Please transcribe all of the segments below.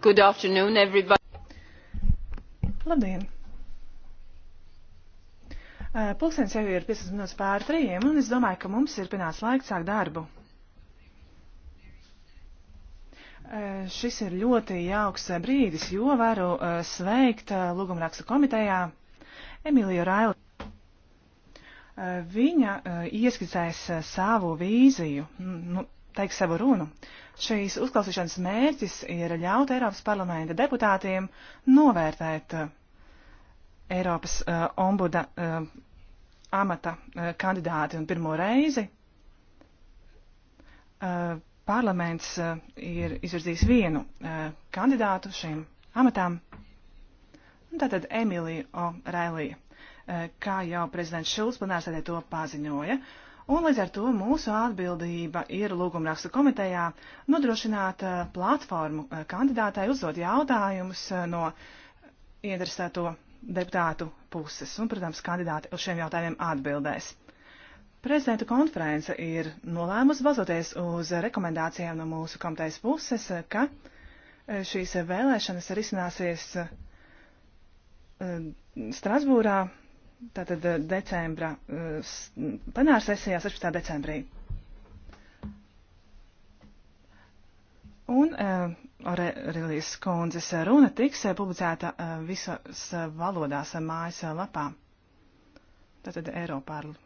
Good afternoon, everybody. Labdien! Pulkstenis jau ir 15 minūtes pār trījiem, un es domāju, ka mums ir pienācis laiks sākt darbu. Šis ir ļoti jauks brīdis, jo varu sveikt lūgumrakstu komitejā Emīliju Railu. Viņa ieskicēs savu vīziju, nu, nu teikt savu runu. Šīs uzklausīšanas mērķis ir ļaut Eiropas parlamenta deputātiem novērtēt uh, Eiropas uh, ombuda uh, amata uh, kandidāti un pirmo reizi. Uh, parlaments uh, ir izvirzījis vienu uh, kandidātu šīm amatām. Tātad Emīlija O'Reilly, uh, kā jau prezidents Šils plenārsēdē to paziņoja. Uh, Un līdz ar to mūsu atbildība ir lūgumrakstu komitejā nodrošināt eh, platformu eh, kandidātai uzdot jautājumus eh, no interesēto deputātu puses. Un, protams, kandidāti uz šiem jautājumiem atbildēs. Prezidenta konference ir nolēmusi bazoties uz rekomendācijām no mūsu komitejas puses, ka šīs vēlēšanas risināsies Strasbūrā tātad eh, decembra eh, plenāra sesijā 16. decembrī. Un eh, Aurelijas kundzes runa tiks publicēta visās valodās mājas lapā. Tātad Eiropārlu.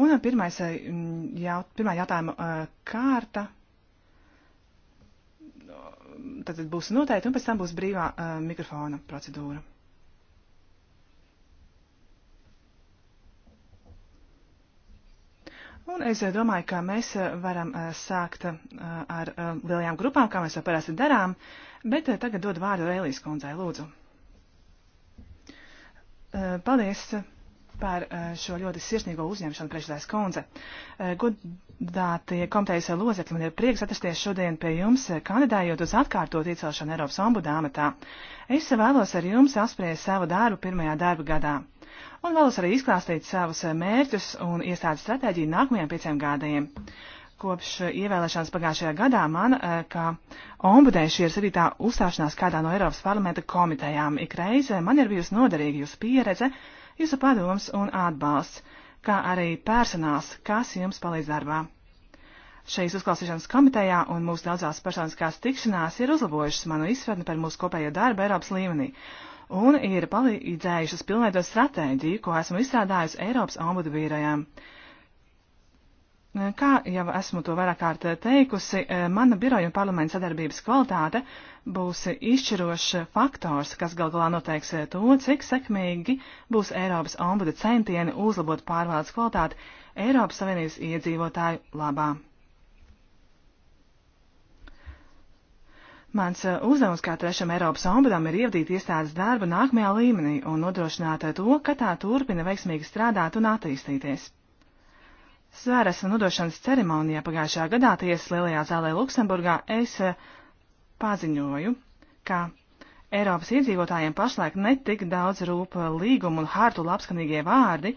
Un pirmais, jaut, pirmā jautājuma kārta tad būs noteikti, un pēc tam būs brīvā uh, mikrofona procedūra. Un es eh, domāju, ka mēs eh, varam eh, sākt ar lielajām grupām, kā mēs to parasti darām, bet tagad dod vārdu Elijas kundzei, lūdzu. Paldies par šo ļoti sirsnīgo uzņemšanu priekšsēdājas kundze. Godātie komitejas lozekļi, man ir prieks atrasties šodien pie jums, kandidējot uz atkārtot iecelšanu Eiropas ombudu amatā. Es vēlos ar jums apspriest savu darbu pirmajā darba gadā un vēlos arī izklāstīt savus eh, mērķus un iestādes stratēģiju nākamajiem pieciem gadiem. Kopš eh, ievēlēšanas pagājušajā gadā man, eh, kā ombudēja šī ir sarītā uzstāšanās kādā no Eiropas parlamenta komitejām, ik reize man ir bijusi noderīga jūsu pieredze, jūsu padoms un atbalsts, kā arī personāls, kas jums palīdz darbā. Šīs uzklausīšanas komitejā un mūsu daudzās personiskās tikšanās ir uzlabojušas manu izpratni par mūsu kopējo darbu Eiropas līmenī, un ir palīdzējušas pilnveidot stratēģiju, ko esmu izstrādājusi Eiropas ombudu vīrajām. Kā jau esmu to vairāk kārt teikusi, eh, mana biroja un parlamenta sadarbības kvalitāte būs izšķirošs faktors, kas gal galā noteiks eh, to, cik sekmīgi būs Eiropas ombuda centieni uzlabot pārvaldes kvalitāti Eiropas Savienības iedzīvotāju labā. Mans eh, uzdevums kā trešam Eiropas ombudam ir ievadīt iestādes darbu nākamajā līmenī un nodrošināt eh, to, ka tā turpina veiksmīgi strādāt un attīstīties. Svēras un nodošanas ceremonijā pagājušā gadā tiesas lielajā zālē Luksemburgā es eh, paziņoju, ka Eiropas iedzīvotājiem pašlaik netik daudz rūp līgumu un hartu labskanīgie vārdi,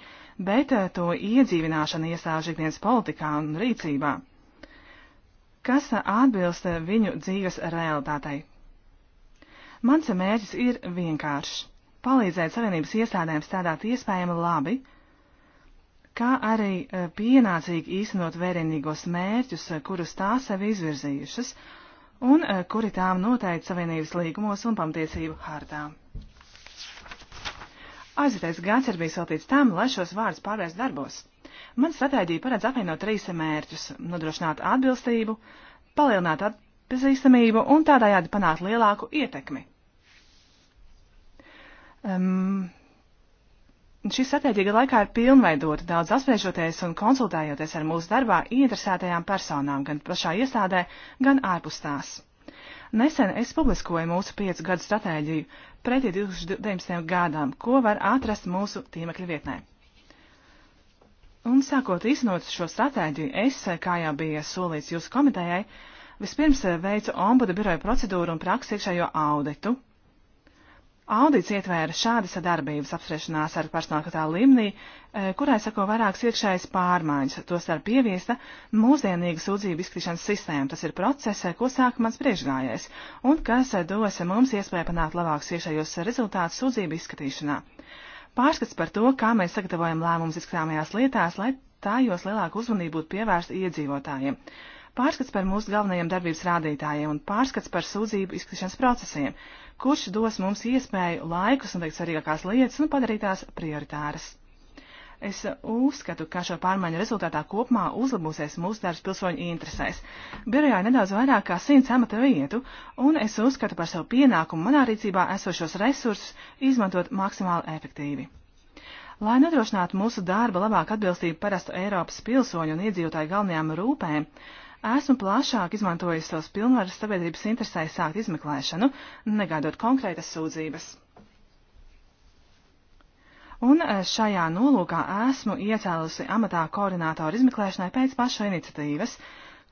bet to iedzīvināšana iestāžu ikdienas politikā un rīcībā kas atbilst viņu dzīves realitātei. Mans mērķis ir vienkāršs - palīdzēt Savienības iestādēm strādāt iespējami labi, kā arī eh, pienācīgi īstenot vērienīgos mērķus, eh, kurus tās sev izvirzījušas un eh, kuri tām noteikti Savienības līgumos un pamtiesību hartā. Aizvietais gads ir bijis veltīts tam, lai šos vārdus pārvērst darbos. Man stratēģija paredz apvienot trīs mērķus - nodrošināt atbilstību, palielināt atpazīstamību un tādējādi panākt lielāku ietekmi. Um, šī stratēģija gadu laikā ir pilnveidota daudz apspriežoties un konsultējoties ar mūsu darbā interesētajām personām gan pašā iestādē, gan ārpus tās. Nesen es publiskoju mūsu piecu gadu stratēģiju pretī 2019. gadam, ko var atrast mūsu tīmekļa vietnē. Un sākot īstenot šo stratēģiju, es, kā jau bija solīts jūsu komitējai, vispirms veicu ombuda biroja procedūru un praksi iekšējo auditu. Audits ietvēra šādas sadarbības apspriešanās ar personāla kapitāla līmenī, eh, kurai sako vairākas iekšējas pārmaiņas, tostarp pieviesta mūsdienīga sūdzību izskatīšanas sistēma. Tas ir process, ko sāka mans priekšgājējs, un kas dos mums iespēju panākt labākus iekšējos rezultātus sūdzību izskatīšanā pārskats par to, kā mēs sagatavojam lēmumus izskatāmajās lietās, lai tājos lielāku uzmanību būtu pievērsta iedzīvotājiem. Pārskats par mūsu galvenajiem darbības rādītājiem un pārskats par sūdzību izskatīšanas procesiem, kurš dos mums iespēju laikus noteikt svarīgākās lietas un padarīt tās prioritāras. Es uzskatu, ka šo pārmaiņu rezultātā kopumā uzlabosies mūsu darbs pilsoņu interesēs. Birojā ir nedaudz vairāk kā simts amata vietu, un es uzskatu par savu pienākumu manā rīcībā esošos resursus izmantot maksimāli efektīvi. Lai nodrošinātu mūsu darba labāk atbilstību parastu Eiropas pilsoņu un iedzīvotāju galvenajām rūpēm, esmu plašāk izmantojis savas pilnvaras sabiedrības interesēs sākt izmeklēšanu, negaidot konkrētas sūdzības un e, šajā nolūkā esmu iecēlusi amatā koordinātoru izmeklēšanai pēc paša iniciatīvas,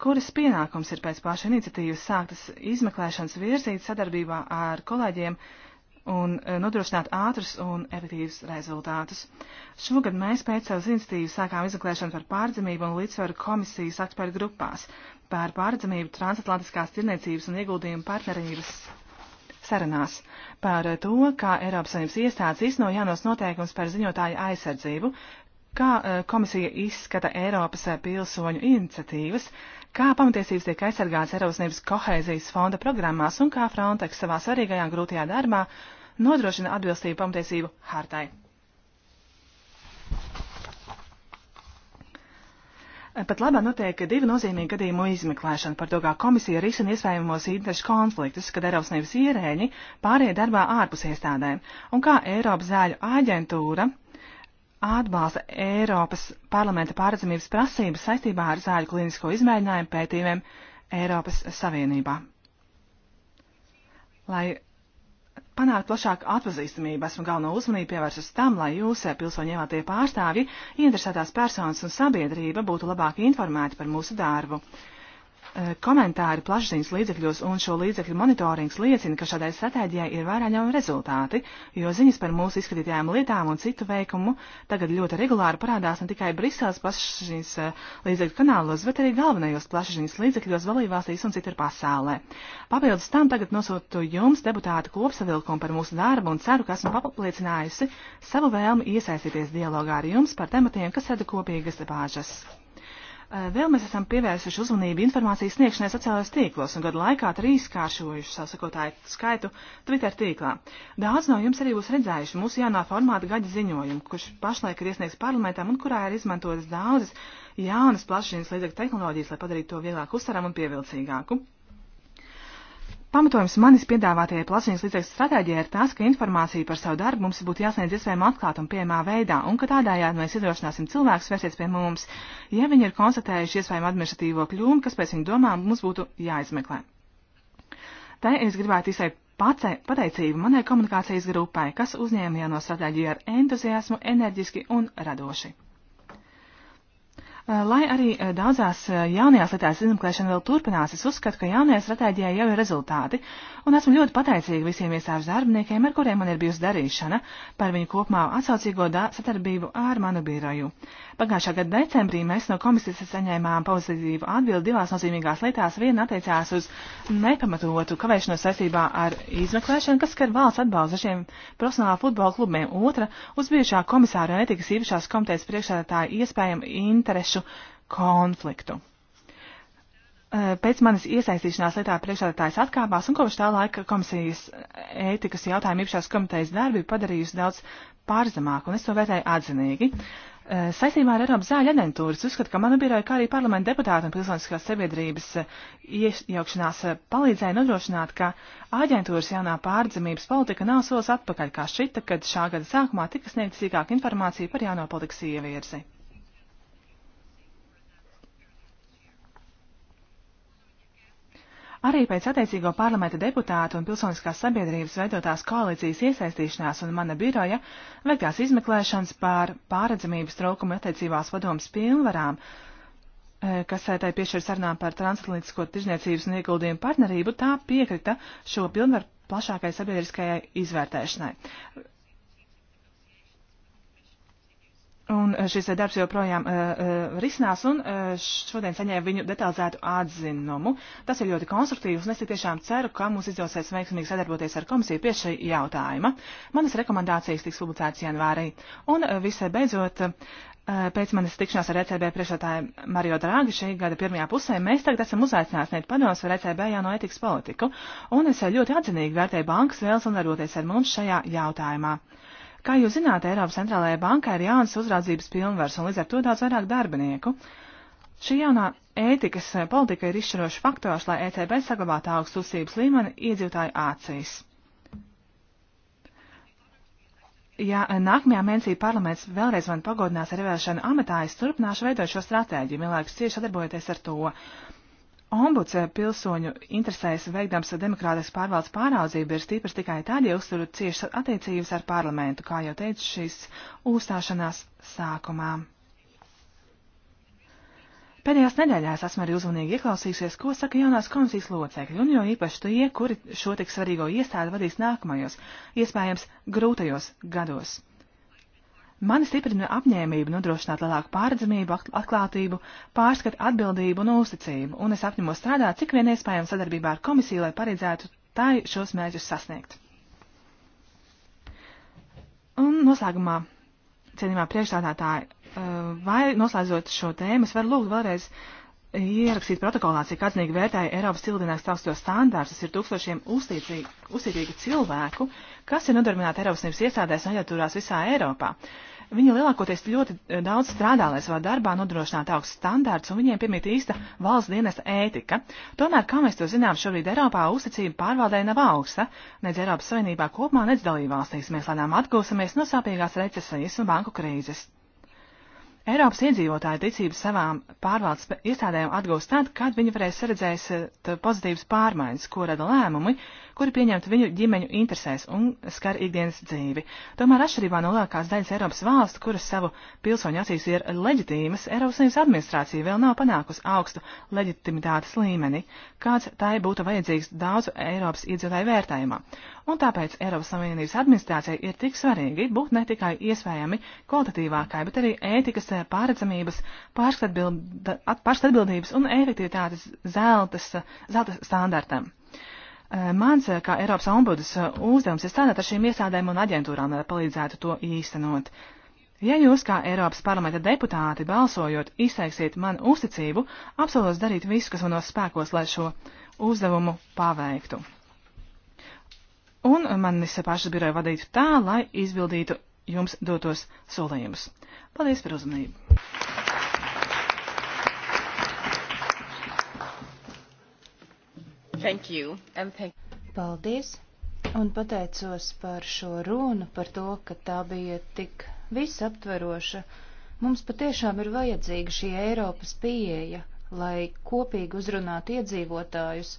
kuras pienākums ir pēc paša iniciatīvas sāktas izmeklēšanas virzīt sadarbībā ar kolēģiem un e, nodrošināt ātrus un efektīvus rezultātus. Šogad mēs pēc savas iniciatīvas sākām izmeklēšanu par pārdzimību un līdzsvaru komisijas ekspertu grupās, par pārdzimību transatlantiskās tirniecības un ieguldījumu partnerības sarunās par to, kā Eiropas Savienības iestādes izno jaunos noteikums par ziņotāju aizsardzību, kā eh, komisija izskata Eiropas eh, pilsoņu iniciatīvas, kā pamatiesības tiek aizsargāts Eiropas Savienības kohēzijas fonda programmās un kā Frontex savā svarīgajā grūtajā darbā nodrošina atbilstību pamatiesību hartai. Pat labā notiek divi nozīmīgi gadījumu izmeklēšana par to, kā komisija risina iespējamos interešu konfliktus, kad Eiropas Savienības ierēģi pārēja darbā ārpus iestādēm, un kā Eiropas zāļu aģentūra atbalsta Eiropas parlamenta pārredzamības prasības saistībā ar zāļu klīnisko izmēģinājumu pētījumiem Eiropas Savienībā. Lai panākt plašāku atpazīstamību. Esmu galveno uzmanību pievērsus tam, lai jūs, eh, pilsoņu ievēlētie pārstāvji, interesētās personas un sabiedrība būtu labāk informēti par mūsu darbu. Eh, komentāri plašsaziņas līdzekļos un šo līdzekļu monitorings liecina, ka šādai stratēģijai ir vērā ņemami rezultāti, jo ziņas par mūsu izskatītajām lietām un citu veikumu tagad ļoti regulāri parādās ne tikai Briseles plašsaziņas eh, līdzekļu kanālos, bet arī galvenajos plašsaziņas līdzekļos valībvalstīs un citur pasaulē. Papildus tam tagad nosūtu jums deputātu kopsavilkumu par mūsu darbu un ceru, ka esmu papliecinājusi savu vēlmi iesaistīties dialogā ar jums par tematiem, kas rada kopīgas bāžas. Eh, vēl mēs esam pievērsuši uzmanību informācijas sniegšanai sociālajos tīklos un gadu laikā trīskāršojuši savu sekotāju skaitu Twitter tīklā. Daudz no jums arī būs redzējuši mūsu jaunā formāta gaļa ziņojumu, kurš pašlaik ir iesniegts parlamentam un kurā ir izmantotas daudzas jaunas plašsaziņas līdzekļu tehnoloģijas, lai padarītu to vieglāk uztveram un pievilcīgāku. Pamatojums manis piedāvātajai plašiņas līdzekļu stratēģijai ir tas, ka informācija par savu darbu mums būtu jāsniedz iespējami atklāt un pieejamā veidā, un ka tādējādi mēs iedrošināsim cilvēkus vērsties pie mums, ja viņi ir konstatējuši iespējamu administratīvo kļūmu, kas pēc viņu domām mums būtu jāizmeklē. Te es gribētu izteikt pateicību manai komunikācijas grupai, kas uzņēmījā no stratēģiju ar entuziasmu, enerģiski un radoši. Eh, lai arī eh, daudzās eh, jaunajās lietās izmeklēšana vēl turpinās, es uzskatu, ka jaunajā stratēģijā jau ir rezultāti, un esmu ļoti pateicīga visiem iestāžu darbiniekiem, ar kuriem man ir bijusi darīšana, par viņu kopumā atsaucīgo sadarbību ar manu biroju. Pagājušā gada decembrī mēs no komisijas saņēmām pozitīvu atbildi divās nozīmīgās lietās. Viena attiecās uz nepamatotu kavēšanos saistībā ar izmeklēšanu, kas skar valsts atbalstu šiem profesionālā futbola klubiem. Otra uz bijušā komisāra un etikas īpašās komitejas priekšsēdētāja iespējamu interešu konfliktu. Pēc manis iesaistīšanās lietā priekšsēdētājs atkāpās, un kopš tā laika komisijas ētikas jautājumu īpašās komitejas darbi padarījusi daudz pārzemāku, un es to vērtēju atzinīgi. Uh, Eh, saistībā ar Eiropas zāļu aģentūras uzskatu, ka manu biroju, kā arī parlamenta deputātu un pilsoniskās sabiedrības eh, iejaukšanās eh, palīdzēja nodrošināt, ka aģentūras jaunā pārdzimības politika nav solis atpakaļ, kā šita, kad šā gada sākumā tika sniegta sīkāka informācija par jauno politikas ievirzi. Arī pēc attiecīgo parlamenta deputātu un pilsoniskās sabiedrības veidotās koalīcijas iesaistīšanās un mana biroja veiktās izmeklēšanas pār pāredzamības trūkumu attiecībās padomas pilnvarām, e, kas e, tai piešķir sarunām par transatlantisko tirzniecības un ieguldījumu partnerību, tā piekrita šo pilnvaru plašākai sabiedriskajai izvērtēšanai. Un eh, šis eh, darbs joprojām uh, risinās, un uh, šodien saņēmu viņu detalizētu atzinumu. Tas ir ļoti konstruktīvs, un es tiešām ceru, ka mums izdosies veiksmīgi sadarboties ar komisiju pie šī jautājuma. Manas rekomendācijas tiks publicētas janvārī. Un uh, visai beidzot, uh, pēc manas tikšanās ar ECB priekšētāju Mario Drāgi šī gada pirmajā pusē, mēs tagad esam uzaicināti sniegt padomus par ECB jauno etikas politiku, un es ļoti atzinīgi vērtēju bankas vēlas un darboties ar mums šajā jautājumā. Uh, Kā jūs zināt, Eiropas centrālajai bankai ir jauns uzraudzības pilnvars un līdz ar to daudz vairāk darbinieku. Šī jaunā ētikas politika ir izšķirošs faktors, lai ECB saglabātu augstu uzsības līmeni iedzīvotāju acīs. Ja nākamajā mēnesī parlaments vēlreiz man pagodinās ar ievēlēšanu amatā, es turpināšu veidot šo stratēģiju, vienlaikus cieši sadarbojoties ar to. Ombuds pilsoņu interesēs veikdams demokrātiskas pārvaldes pāraudzību ir stiprs tikai tad, ja uztur cieši attiecības ar parlamentu, kā jau teicu šīs uzstāšanās sākumā. Pēdējās nedēļās esmu arī uzmanīgi ieklausījusies, ko saka jaunās komisijas locekļi, un jo īpaši tie, kuri šo tik svarīgo iestādi vadīs nākamajos, iespējams, grūtajos gados. Mani stiprina apņēmība nodrošināt lielāku pārredzamību, atklātību, pārskatu atbildību un uzticību, un es apņemos strādāt cik vien iespējams sadarbībā ar komisiju, lai paredzētu tai šos mērķus sasniegt. Un noslēgumā, cienījumā priekšstādātāji, eh, vai noslēdzot šo tēmu, es varu lūgt vēlreiz uh, ierakstīt protokolā, cik atzinīgi vērtēja Eiropas cilvēks augstos standārtus, ir tūkstošiem uzticīgu cilvēku, kas ir nodarbināti Eiropas Savienības iestādēs un aģentūrās visā Eiropā. Viņi lielākoties ļoti eh, daudz strādā, lai savā darbā nodrošinātu augstus standārtus, un viņiem piemīt īsta valsts dienesta ētika. Tomēr, kā mēs to zinām, šobrīd Eiropā uzticība pārvaldē nav augsta, nedz Eiropas Savienībā kopumā, nedz dalībvalstīs. Mēs lēnām atgūsimies no sāpīgās recesijas un banku krīzes. Eiropas iedzīvotāju ticību savām pārvaldes iestādēm atgūst tad, kad viņi varēs redzēt eh, pozitīvas pārmaiņas, ko rada lēmumi, kuri pieņemti viņu ģimeņu interesēs un skar ikdienas dzīvi. Tomēr atšķirībā no lielākās daļas Eiropas valstu, kuras savu pilsoņu acīs ir leģitīmas, Eiropas Savienības administrācija vēl nav panākusi augstu leģitimitātes līmeni, kāds tai būtu vajadzīgs daudzu Eiropas iedzīvotāju vērtējumā un tāpēc Eiropas Savienības administrācijai ir tik svarīgi būt ne tikai iespējami kvalitatīvākai, bet arī ētikas eh, pārredzamības, pārstatbildības un efektivitātes zeltas, eh, zeltas standartam. Eh, mans, kā Eiropas ombudas, uzdevums ir strādāt ar šīm iestādēm un aģentūrām, lai palīdzētu to īstenot. Ja jūs, kā Eiropas parlamenta deputāti, balsojot, izteiksiet man uzticību, apsolos darīt visu, kas manos spēkos, lai šo uzdevumu paveiktu un manis paša biroja vadītu tā, lai izpildītu jums dotos solījumus. Paldies par uzmanību! Thank you, and thank Paldies, un pateicos par šo runu, par to, ka tā bija tik visaptveroša. Mums patiešām ir vajadzīga šī Eiropas pieeja, lai kopīgi uzrunātu iedzīvotājus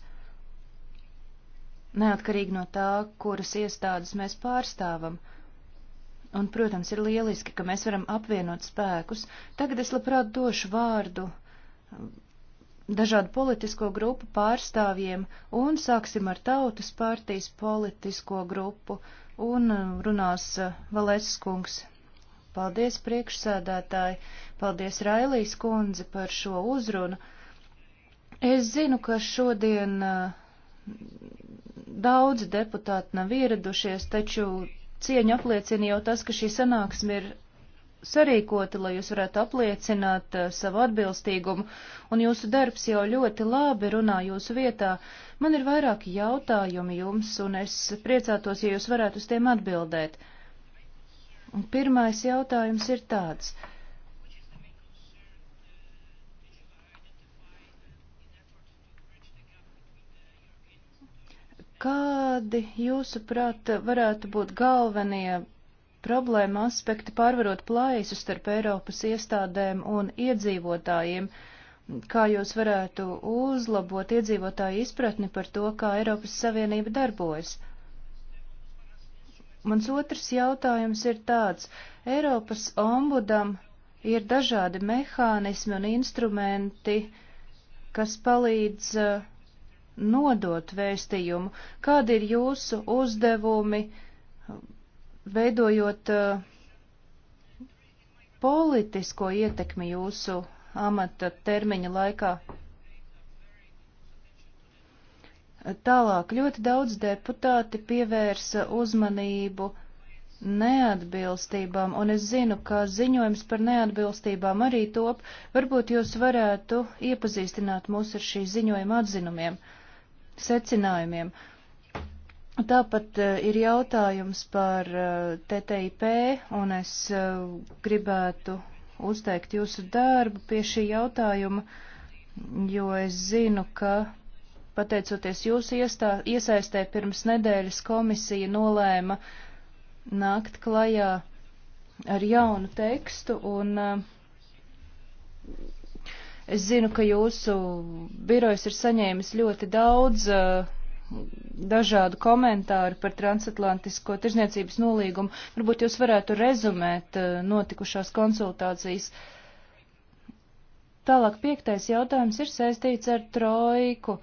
neatkarīgi no tā, kuras iestādes mēs pārstāvam. Un, protams, ir lieliski, ka mēs varam apvienot spēkus. Tagad es labprāt došu vārdu um, dažādu politisko grupu pārstāvjiem un sāksim ar tautas partijas politisko grupu un um, runās uh, Valēsas kungs. Paldies, priekšsēdētāji, paldies Railijas kundze par šo uzrunu. Es zinu, ka šodien uh, Daudzi deputāti nav ieradušies, taču cieņu apliecina jau tas, ka šī sanāksme ir sarīkota, lai jūs varētu apliecināt uh, savu atbilstīgumu, un jūsu darbs jau ļoti labi runā jūsu vietā. Man ir vairāki jautājumi jums, un es priecātos, ja jūs varētu uz tiem atbildēt. Un pirmais jautājums ir tāds. Uh, Kādi, jūsuprāt, varētu būt galvenie problēma aspekti pārvarot plaisu starp Eiropas iestādēm un iedzīvotājiem? Kā jūs varētu uzlabot iedzīvotāju izpratni par to, kā Eiropas Savienība darbojas? Mans otrs jautājums ir tāds. Eiropas ombudam ir dažādi mehānismi un instrumenti, kas palīdz uh, nodot vēstījumu, kādi ir jūsu uzdevumi, veidojot eh, politisko ietekmi jūsu amata termiņa laikā. Tālāk ļoti daudz deputāti pievērsa uzmanību neatbilstībām, un es zinu, ka ziņojums par neatbilstībām arī top. Varbūt jūs varētu iepazīstināt mūs ar šī ziņojuma atzinumiem. Uh, secinājumiem. Tāpat eh, ir jautājums par eh, TTIP, un es eh, gribētu uzteikt jūsu darbu pie šī jautājuma, jo es zinu, ka pateicoties jūsu iestā, iesaistē pirms nedēļas komisija nolēma nākt klajā ar jaunu tekstu, un Es zinu, ka jūsu birojs ir saņēmis ļoti daudz uh, dažādu komentāru par transatlantisko tirzniecības nolīgumu. Varbūt jūs varētu rezumēt eh, notikušās konsultācijas. Tālāk piektais jautājums ir saistīts ar trojku.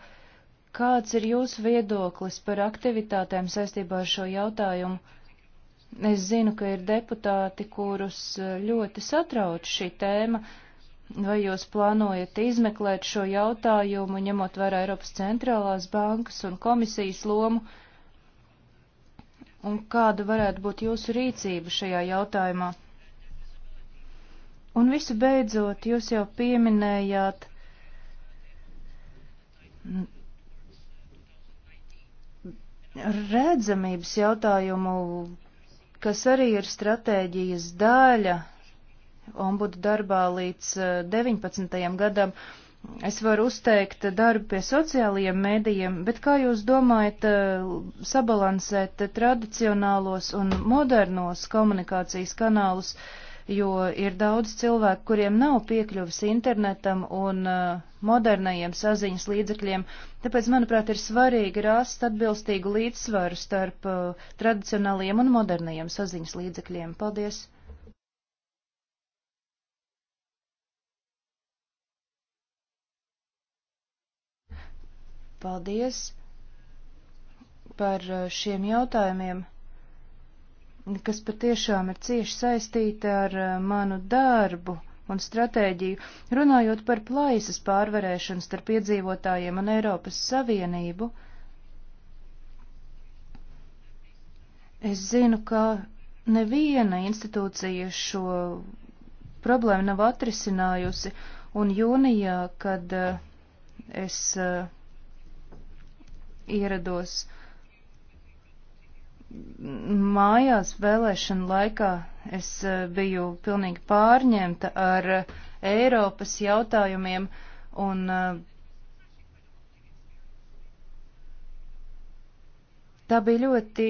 Kāds ir jūsu viedoklis par aktivitātēm saistībā ar šo jautājumu? Es zinu, ka ir deputāti, kurus eh, ļoti satrauc šī tēma. Uh, Vai jūs plānojat izmeklēt šo jautājumu, ņemot vērā Eiropas centrālās bankas un komisijas lomu? Un kāda varētu būt jūsu rīcība šajā jautājumā? Un visu beidzot, jūs jau pieminējāt redzamības jautājumu, kas arī ir stratēģijas daļa ombudu darbā līdz 19. Eh, gadam. Es varu uzteikt darbu pie sociālajiem mēdījiem, bet kā jūs domājat eh, sabalansēt tradicionālos un modernos komunikācijas kanālus, jo ir daudz cilvēku, kuriem nav piekļuvis internetam un eh, modernajiem saziņas līdzekļiem, tāpēc, manuprāt, ir svarīgi rast atbilstīgu līdzsvaru starp tradicionālajiem un modernajiem saziņas līdzekļiem. Paldies! Paldies par uh, šiem jautājumiem, kas patiešām ir cieši saistīti ar uh, manu darbu un stratēģiju, runājot par plaisas pārvarēšanu starp iedzīvotājiem un Eiropas Savienību. Es zinu, ka neviena institūcija šo problēmu nav atrisinājusi, un jūnijā, kad uh, es uh, ierados mājās vēlēšana laikā. Es e, biju pilnīgi pārņemta ar Eiropas jautājumiem un e, tā bija ļoti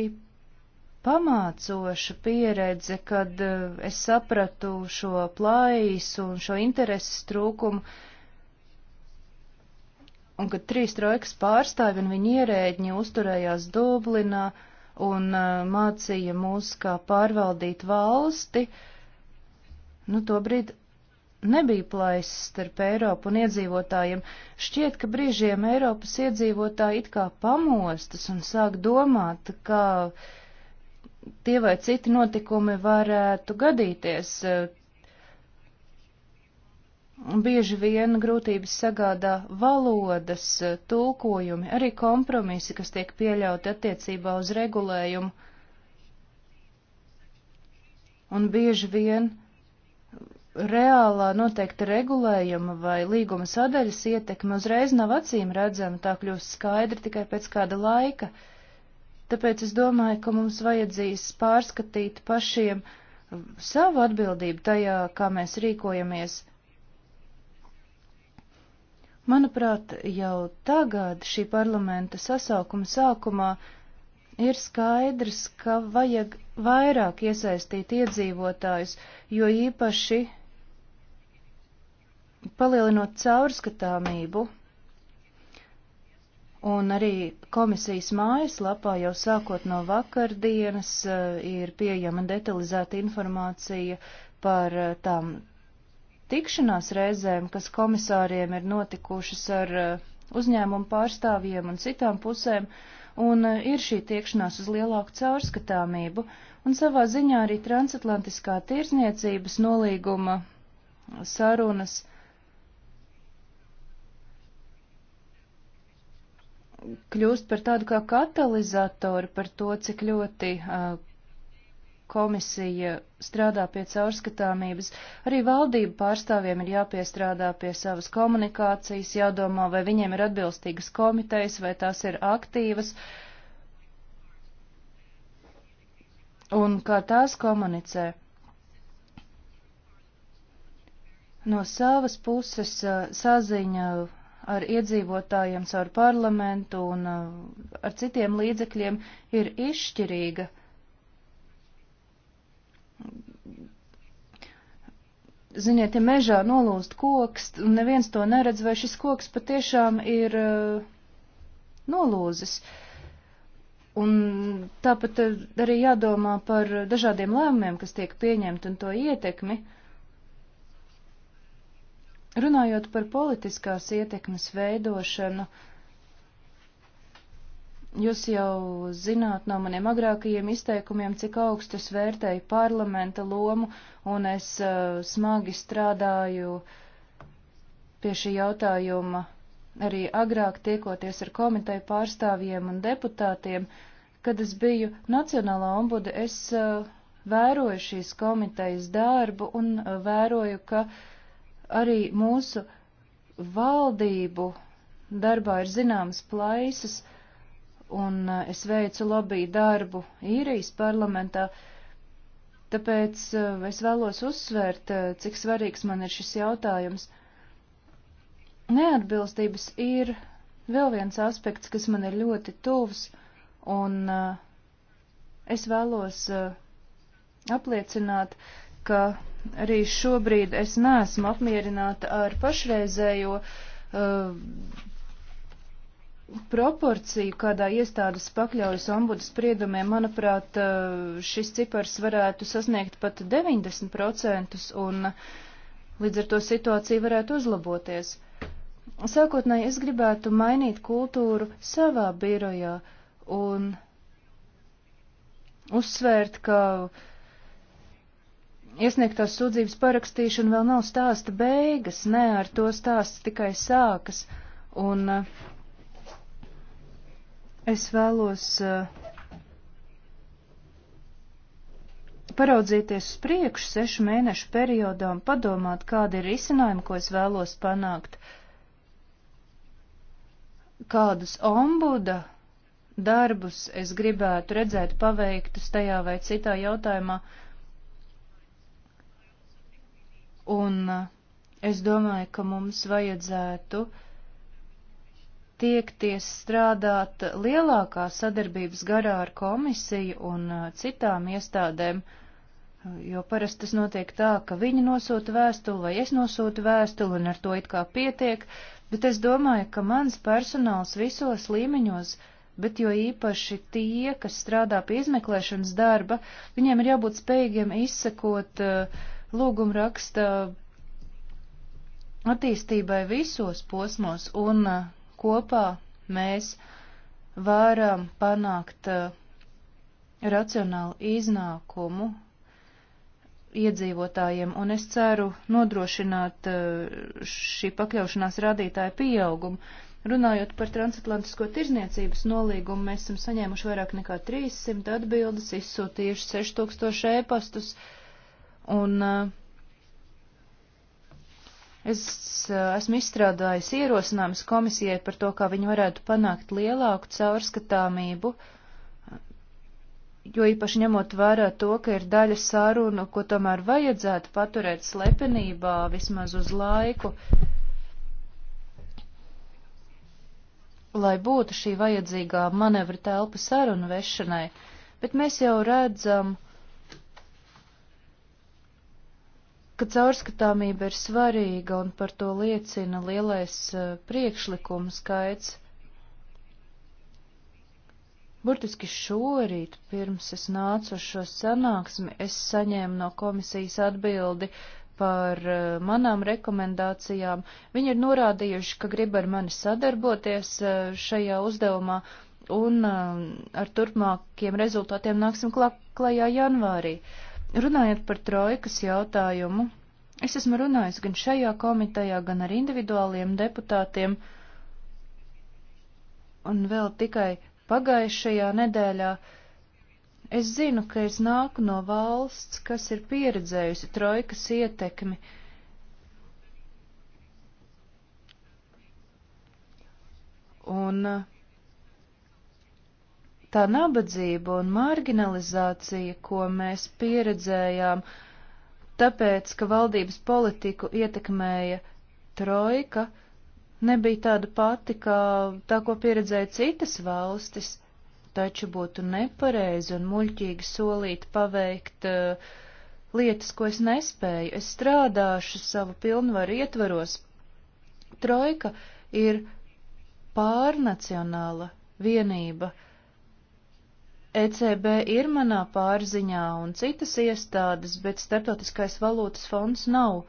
pamācoša pieredze, kad e, es sapratu šo plaisu un šo intereses trūkumu, un kad trīs trojkas pārstāvi un viņa ierēģi uzturējās Dublinā un uh, mācīja mūs, kā pārvaldīt valsti, nu, tobrīd nebija plaisas starp Eiropu un iedzīvotājiem. Šķiet, ka brīžiem Eiropas iedzīvotāji it kā pamostas un sāk domāt, kā tie vai citi notikumi varētu gadīties. Uh, Bieži vien grūtības sagādā valodas, eh, tulkojumi, arī kompromisi, kas tiek pieļauti attiecībā uz regulējumu. Un bieži vien reālā noteikta regulējuma vai līguma sadaļas ietekme uzreiz nav acīm redzama, tā kļūst skaidra tikai pēc kāda laika. Tāpēc es domāju, ka mums vajadzīs pārskatīt pašiem savu atbildību tajā, kā mēs rīkojamies. Manuprāt, jau tagad šī parlamenta sasaukuma sākumā ir skaidrs, ka vajag vairāk iesaistīt iedzīvotājus, jo īpaši palielinot caurskatāmību. Un arī komisijas mājaslapā jau sākot no vakardienas eh, ir pieejama detalizēta informācija par eh, tām tikšanās reizēm, kas komisāriem ir notikušas ar eh, uzņēmumu pārstāvjiem un citām pusēm, un eh, ir šī tiekšanās uz lielāku caurskatāmību, un savā ziņā arī transatlantiskā tirzniecības nolīguma sarunas. kļūst par tādu kā katalizatoru par to, cik ļoti uh, komisija strādā pie caurskatāmības, arī valdību pārstāvjiem ir jāpiestrādā pie savas komunikācijas, jādomā, vai viņiem ir atbilstīgas komitejas, vai tās ir aktīvas, un kā tās komunicē. No savas puses saziņa ar iedzīvotājiem caur parlamentu un ar citiem līdzekļiem ir izšķirīga. Ziniet, ja mežā nolūst koks, un neviens to neredz, vai šis koks patiešām ir uh, nolūzis. Un tāpat eh, arī jādomā par dažādiem lēmumiem, kas tiek pieņemti un to ietekmi. Runājot par politiskās ietekmes veidošanu, uh, Jūs jau zināt no maniem agrākajiem izteikumiem, cik augstu es vērtēju parlamenta lomu, un es uh, smagi strādāju pie šī jautājuma arī agrāk tiekoties ar komiteju pārstāvjiem un deputātiem. Kad es biju Nacionālā ombuda, es uh, vēroju šīs komitejas darbu un uh, vēroju, ka arī mūsu valdību darbā ir zināmas plaisas. Uh, un eh, es veicu lobby darbu īrijas parlamentā, tāpēc eh, es vēlos uzsvērt, eh, cik svarīgs man ir šis jautājums. Neatbilstības ir vēl viens aspekts, kas man ir ļoti tuvs, un es vēlos apliecināt, ka arī šobrīd es neesmu apmierināta ar pašreizējo uh, proporciju, kādā iestādes pakļaujas ombudu spriedumiem, manuprāt, eh, šis cipars varētu sasniegt pat 90% un līdz ar to situācija varētu uzlaboties. Sākotnēji es gribētu mainīt kultūru savā birojā un uzsvērt, ka iesniegtās sūdzības parakstīšana vēl nav stāsta beigas, nē, ar to stāsts tikai sākas. Un uh, Es vēlos eh, paraudzīties uz priekšu sešu mēnešu periodā un padomāt, kāda ir risinājuma, ko es vēlos panākt, kādus ombuda darbus es gribētu redzēt paveiktus tajā vai citā jautājumā. Un eh, es domāju, ka mums vajadzētu uh, tiekties strādāt lielākā sadarbības garā ar komisiju un uh, citām iestādēm, uh, jo parasti tas notiek tā, ka viņi nosūta vēstuli vai es nosūtu vēstuli un ar to it kā pietiek, bet es domāju, ka mans personāls visos līmeņos, bet jo īpaši tie, kas strādā pie izmeklēšanas darba, viņiem ir jābūt spējīgiem izsekot uh, lūgumraksta attīstībai visos posmos un uh, kopā mēs varam panākt eh, racionālu iznākumu iedzīvotājiem, un es ceru nodrošināt eh, šī pakļaušanās rādītāja pieaugumu. Runājot par transatlantisko tirzniecības nolīgumu, mēs esam saņēmuši vairāk nekā 300 atbildes, izsūtījuši 6000 ēpastus, un uh, Es eh, esmu izstrādājis ierosinājums komisijai par to, kā viņi varētu panākt lielāku caurskatāmību, jo īpaši ņemot vērā to, ka ir daļa sārunu, ko tomēr vajadzētu paturēt slepenībā vismaz uz laiku, lai būtu šī vajadzīgā manevra telpa sarunu vešanai. Bet mēs jau redzam, uh, ka caurskatāmība ir svarīga un par to liecina lielais e, priekšlikumu skaits. Burtiski šorīt, pirms es nācu uz šo sanāksmi, es saņēmu no komisijas atbildi par e, manām rekomendācijām. Viņi ir norādījuši, ka grib ar mani sadarboties e, šajā uzdevumā un ar turpmākiem rezultātiem nāksim klajā janvārī. Uh, Runājot par trojkas jautājumu, es esmu runājis gan šajā komitejā, gan ar individuāliem deputātiem, un vēl tikai pagājušajā nedēļā. Es zinu, ka es nāku no valsts, kas ir pieredzējusi trojkas ietekmi. Un uh, tā nabadzība un marginalizācija, ko mēs pieredzējām, tāpēc, ka valdības politiku ietekmēja trojka, nebija tāda pati, kā tā, ko pieredzēja citas valstis, taču būtu nepareizi un muļķīgi solīt paveikt uh, lietas, ko es nespēju. Es strādāšu savu pilnvaru ietvaros. Trojka ir pārnacionāla vienība. Uh, ECB ir manā pārziņā un citas iestādes, bet Startautiskais valūtas fonds nav.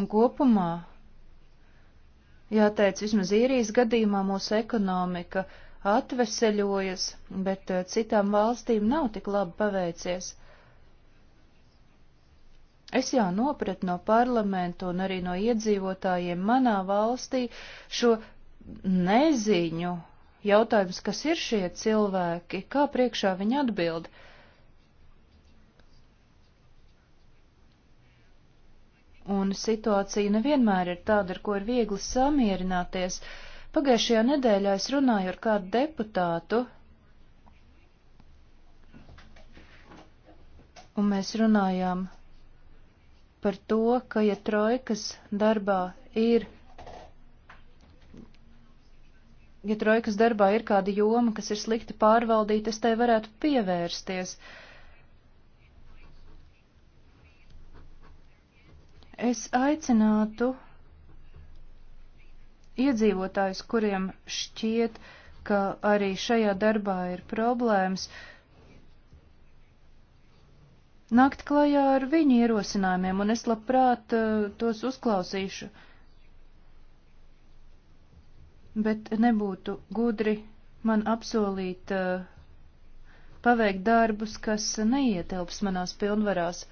Un kopumā, jāteic, vismaz īrijas gadījumā mūsu ekonomika atveseļojas, bet eh, citām valstīm nav tik labi paveicies. Es jau nopratu no parlamentu un arī no iedzīvotājiem manā valstī šo neziņu jautājums, kas ir šie cilvēki, kā priekšā viņi atbild. Un situācija nevienmēr ir tāda, ar ko ir viegli samierināties. Pagājušajā nedēļā es runāju ar kādu deputātu, un mēs runājām par to, ka, ja trojkas darbā ir ja trojkas darbā ir kāda joma, kas ir slikti pārvaldīta, es tai varētu pievērsties. Es aicinātu iedzīvotājus, kuriem šķiet, ka arī šajā darbā ir problēmas, nakt klajā ar viņu ierosinājumiem, un es labprāt uh, tos uzklausīšu. Uh, bet nebūtu gudri man apsolīt uh, paveikt darbus, kas neietelps manās pilnvarās.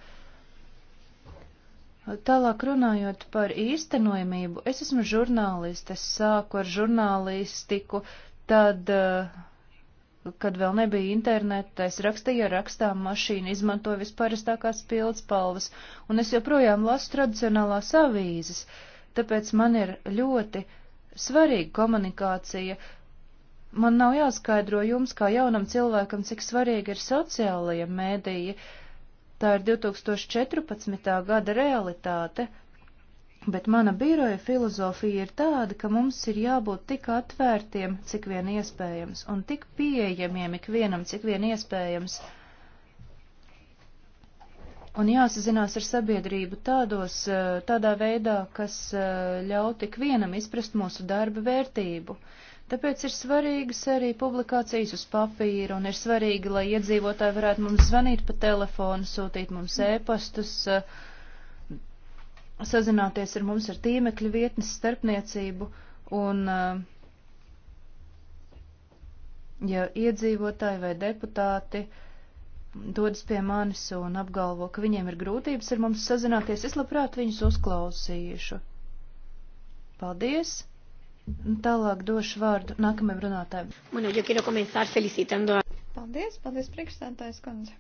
Tālāk runājot par īstenojamību, es esmu žurnālists, es sāku ar žurnālistiku, tad, eh, kad vēl nebija interneta, es rakstīju ar rakstām mašīnu, izmantoju visparastākās pildspalvas, un es joprojām lasu tradicionālās avīzes, tāpēc man ir ļoti svarīga komunikācija. Man nav jāskaidro jums, kā jaunam cilvēkam, cik svarīgi ir sociālajie mēdīji. Tā ir 2014. gada realitāte, bet mana biroja filozofija ir tāda, ka mums ir jābūt tik atvērtiem, cik vien iespējams, un tik pieejamiem ikvienam, cik vien iespējams. Uh, un jāsazinās ar sabiedrību tādos, eh, tādā veidā, kas eh, ļauj tik vienam izprast mūsu darba vērtību. Tāpēc ir svarīgas arī publikācijas uz papīra, un ir svarīgi, lai iedzīvotāji varētu mums zvanīt pa telefonu, sūtīt mums ēpastus, eh, sazināties ar mums ar tīmekļa vietnes starpniecību, un ja iedzīvotāji vai deputāti uh, dodas pie manis un apgalvo, ka viņiem ir grūtības ar mums sazināties, es labprāt viņus uzklausīšu. Paldies! Tālāk došu vārdu nākamajam runātājam. Bueno, yo quiero comenzar felicitando. Paldies, paldies, priekšstādājas kundze.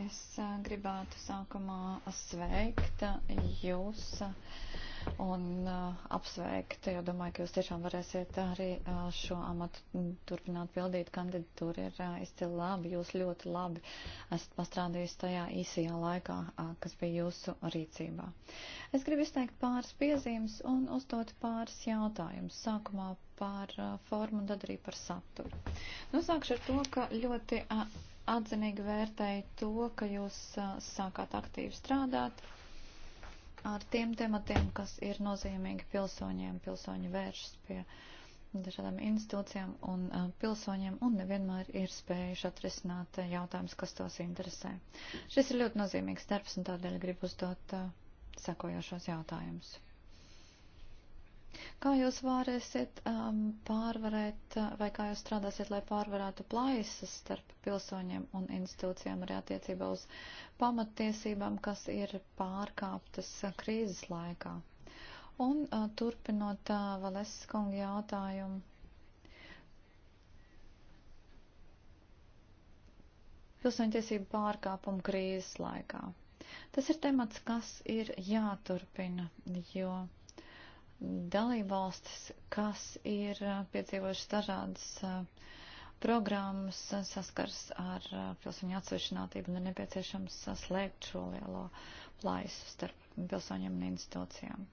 Es eh, gribētu sākumā sveikt eh, jūs. Uh, un uh, apsveikt, jo domāju, ka jūs tiešām varēsiet arī uh, šo amatu mm, turpināt pildīt. Kandidatūra ir uh, izcila labi, jūs ļoti labi esat pastrādījis tajā īsajā laikā, uh, kas bija jūsu rīcībā. Es gribu izteikt pāris piezīmes un uzdot pāris jautājumus. Sākumā par uh, formu un tad arī par saturu. Nu, sākšu ar to, ka ļoti. Uh, Atzinīgi vērtēju to, ka jūs uh, sākāt aktīvi strādāt, ar tiem tematiem, kas ir nozīmīgi pilsoņiem. Pilsoņi vēršas pie dažādām institūcijām un pilsoņiem un nevienmēr ir spējuši atrisināt jautājumus, kas tos interesē. Šis ir ļoti nozīmīgs darbs un tādēļ gribu uzdot sekojošos jautājumus. Kā jūs varēsiet um, pārvarēt, uh, vai kā jūs strādāsiet, lai pārvarētu plaisas starp pilsoņiem un institūcijām arī attiecībā uz pamattiesībām, kas ir pārkāptas uh, krīzes laikā? Un uh, turpinot uh, Valesas kunga jautājumu. Pilsoņtiesību pārkāpumu krīzes laikā. Tas ir temats, kas ir jāturpina, jo dalībvalstis, kas ir uh, piedzīvojušas dažādas uh, programmas, uh, saskars ar pilsoņu atsevišķinātību un ir nepieciešams slēgt šo lielo plaisu starp pilsoņiem un institūcijām.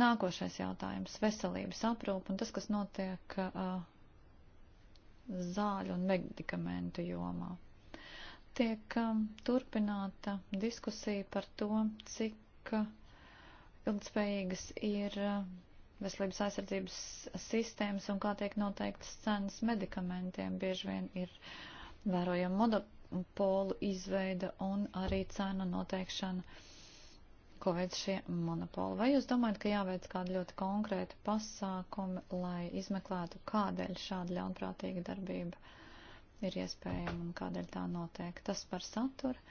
Nākošais jautājums - veselības aprūpa un tas, kas notiek uh, zāļu un medikamentu jomā. Tiek um, turpināta diskusija par to, cik uh, ilgtspējīgas ir uh, veselības aizsardzības sistēmas un kā tiek noteiktas cenas medikamentiem. Bieži vien ir vērojama monopolu izveida un arī cenu noteikšana, ko veids šie monopoli. Vai jūs domājat, ka jāveic kādi ļoti konkrēti pasākumi, lai izmeklētu, kādēļ šāda ļaunprātīga darbība ir iespējama un kādēļ tā notiek? Tas par saturu.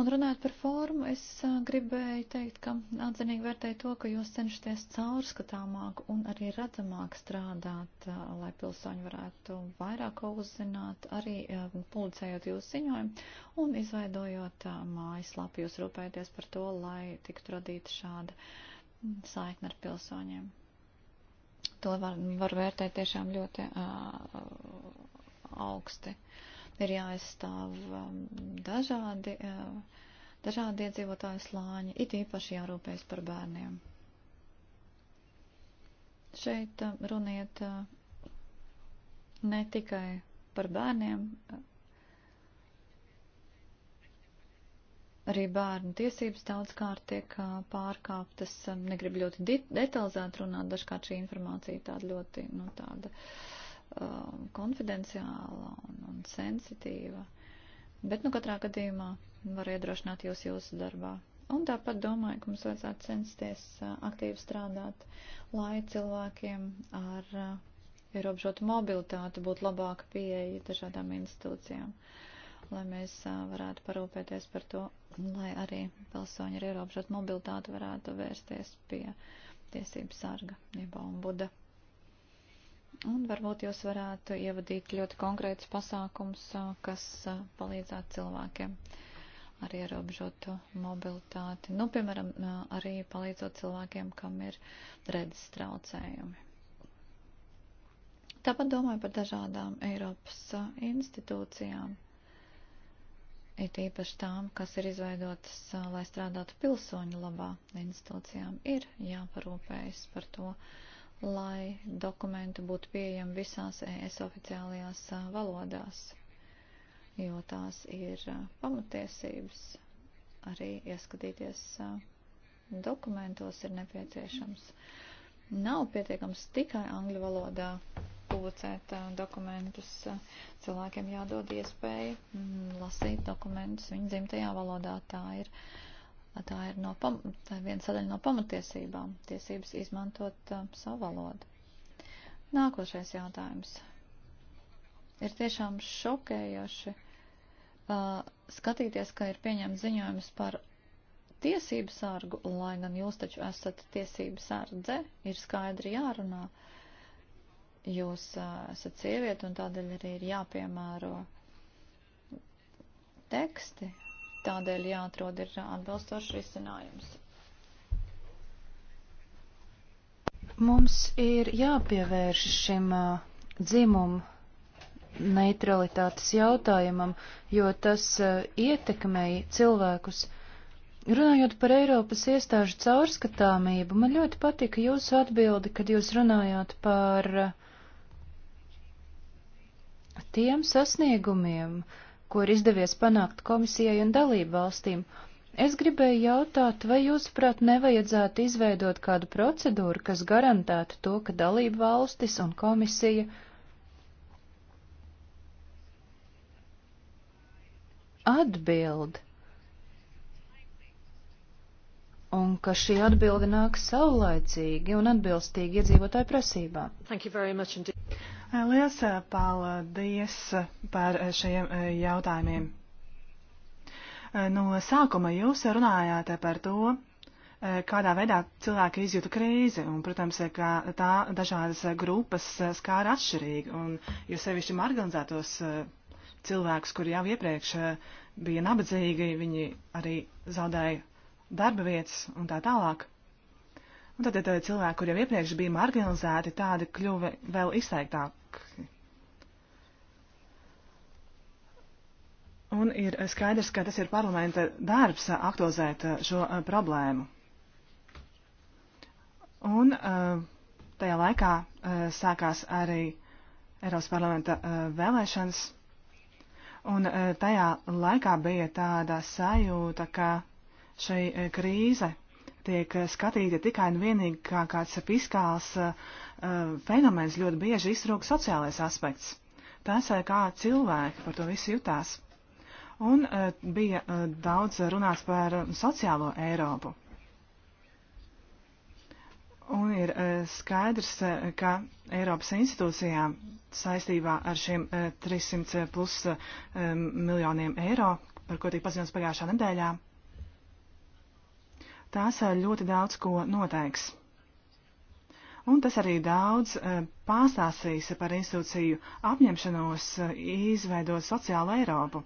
Un runājot par formu, es gribēju teikt, ka atzinīgi vērtēju to, ka jūs cenšaties caurskatāmāk un arī redzamāk strādāt, lai pilsoņi varētu vairāk ko uzzināt, arī publicējot jūsu ziņojumu un izveidojot mājaslapu, jūs rūpēties par to, lai tiktu radīta šāda saikne ar pilsoņiem. To var, var vērtēt tiešām ļoti uh, augsti. Uh, ir jāaizstāv um, dažādi, uh, dažādi iedzīvotāju slāņi, it īpaši jārūpējas par bērniem. Šeit uh, runiet uh, ne tikai par bērniem, arī bērnu tiesības daudzkārt tiek pārkāptas. Negribu ļoti detalizēt runāt, dažkārt šī informācija tāda ļoti, nu, tāda uh, um, konfidenciāla un, un sensitīva. Bet, nu, katrā gadījumā var iedrošināt jūs jūsu darbā. Un tāpat domāju, ka mums vajadzētu censties uh, aktīvi strādāt, lai cilvēkiem ar uh, ierobežotu mobilitāti būtu labāka pieeja dažādām institūcijām, lai mēs uh, varētu parūpēties par to, lai arī pilsoņi ar ierobežotu mobilitāti varētu vērsties pie tiesību sarga, jeb ombuda Un varbūt jūs varētu ievadīt ļoti konkrētus pasākums, kas palīdzētu cilvēkiem ar ierobežotu mobilitāti. Nu, piemēram, arī palīdzot cilvēkiem, kam ir redzes traucējumi. Tāpat domāju par dažādām Eiropas institūcijām, it īpaši tām, kas ir izveidotas, lai strādātu pilsoņu labā institūcijām, ir jāparūpējas par to, uh, lai dokumenti būtu pieejami visās ES oficiālajās valodās, jo tās ir pamatiesības arī ieskatīties dokumentos ir nepieciešams. Nav pietiekams tikai angļu valodā publicēt dokumentus. Cilvēkiem jādod iespēja mm, lasīt dokumentus viņu dzimtajā valodā. Tā ir uh, tā ir no pam, tā ir viena sadaļa no pamatiesībām - tiesības izmantot uh, savu valodu. Nākošais jautājums. Ir tiešām šokējoši uh, skatīties, ka ir pieņemts ziņojums par tiesību sārgu, lai gan jūs taču esat tiesību sārdze, ir skaidri jārunā. Jūs uh, esat sievieti un tādēļ arī ir jāpiemēro teksti, Tādēļ jāatrod ir atbilstošs risinājums. Mums ir jāpievērš šim uh, dzimumu neutralitātes jautājumam, jo tas uh, ietekmēja cilvēkus. Runājot par Eiropas iestāžu caurskatāmību, man ļoti patika jūsu atbildi, kad jūs runājāt par uh, tiem sasniegumiem, uh, ko ir izdevies panākt komisijai un dalību valstīm. Es gribēju jautāt, vai jūsuprāt nevajadzētu izveidot kādu procedūru, kas garantētu to, ka dalību valstis un komisija atbild, un ka šī atbilde nāk saulaicīgi un atbilstīgi iedzīvotāju prasībām. Lielas eh, paldies eh, par eh, šiem jautājumiem. No sākuma jūs runājāt par to, kādā veidā cilvēki izjūta krīzi, un, protams, ka tā dažādas grupas skāra atšķirīgi, un jo sevišķi marginalizētos cilvēkus, kuri jau iepriekš bija nabadzīgi, viņi arī zaudēja darba vietas un tā tālāk. Un tad cilvēki, kuriem iepriekš bija marginalizēti, tādi kļuva vēl izteiktāki. Un ir skaidrs, ka tas ir parlamenta darbs aktualizēt uh, šo uh, problēmu. Un uh, tajā laikā sākās arī Eiropas parlamenta vēlēšanas. Un tajā laikā bija tāda sajūta, ka šī krīze tiek eh, skatīta tikai un vienīgi kā kāds fiskāls uh, fenomens, ļoti bieži iztrūka sociālais aspekts. Tas, kā cilvēki par to visu jutās. Un uh, bija uh, daudz runāts par sociālo Eiropu. Un ir skaidrs, ka Eiropas institūcijām saistībā ar šiem 300 plus miljoniem eiro, par ko tika paziņots pagājušā nedēļā, tās eh, ļoti daudz ko noteiks. Un tas arī daudz eh, pārstāstīs par institūciju apņemšanos eh, izveidot sociālu Eiropu,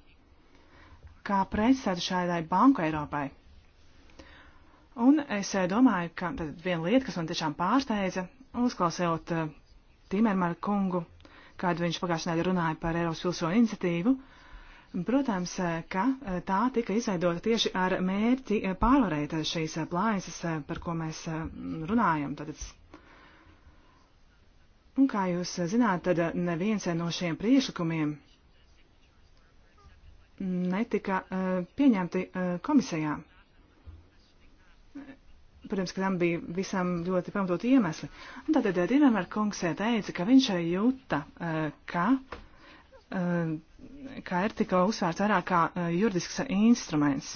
kā pretstāta šādai banku Eiropai. Un es domāju, ka viena lieta, kas man tiešām pārsteidza, uzklausot Timermara kungu, kādu viņš pagājušajā nedēļā runāja par Eiropas pilsoņu iniciatīvu, uh, Protams, eh, ka eh, tā tika izveidota tieši ar mērķi eh, pārvarēt šīs plājas, par ko mēs runājam. Tātad, un kā jūs zināt, tad neviens no šiem priešlikumiem netika pieņemti komisijā. Protams, ka tam bija visam ļoti pamatot iemesli. Un tātad Dienamēr kungs teica, ka viņš jūta, ka kā ir tika uzsvērts vairāk kā e, juridisks instruments.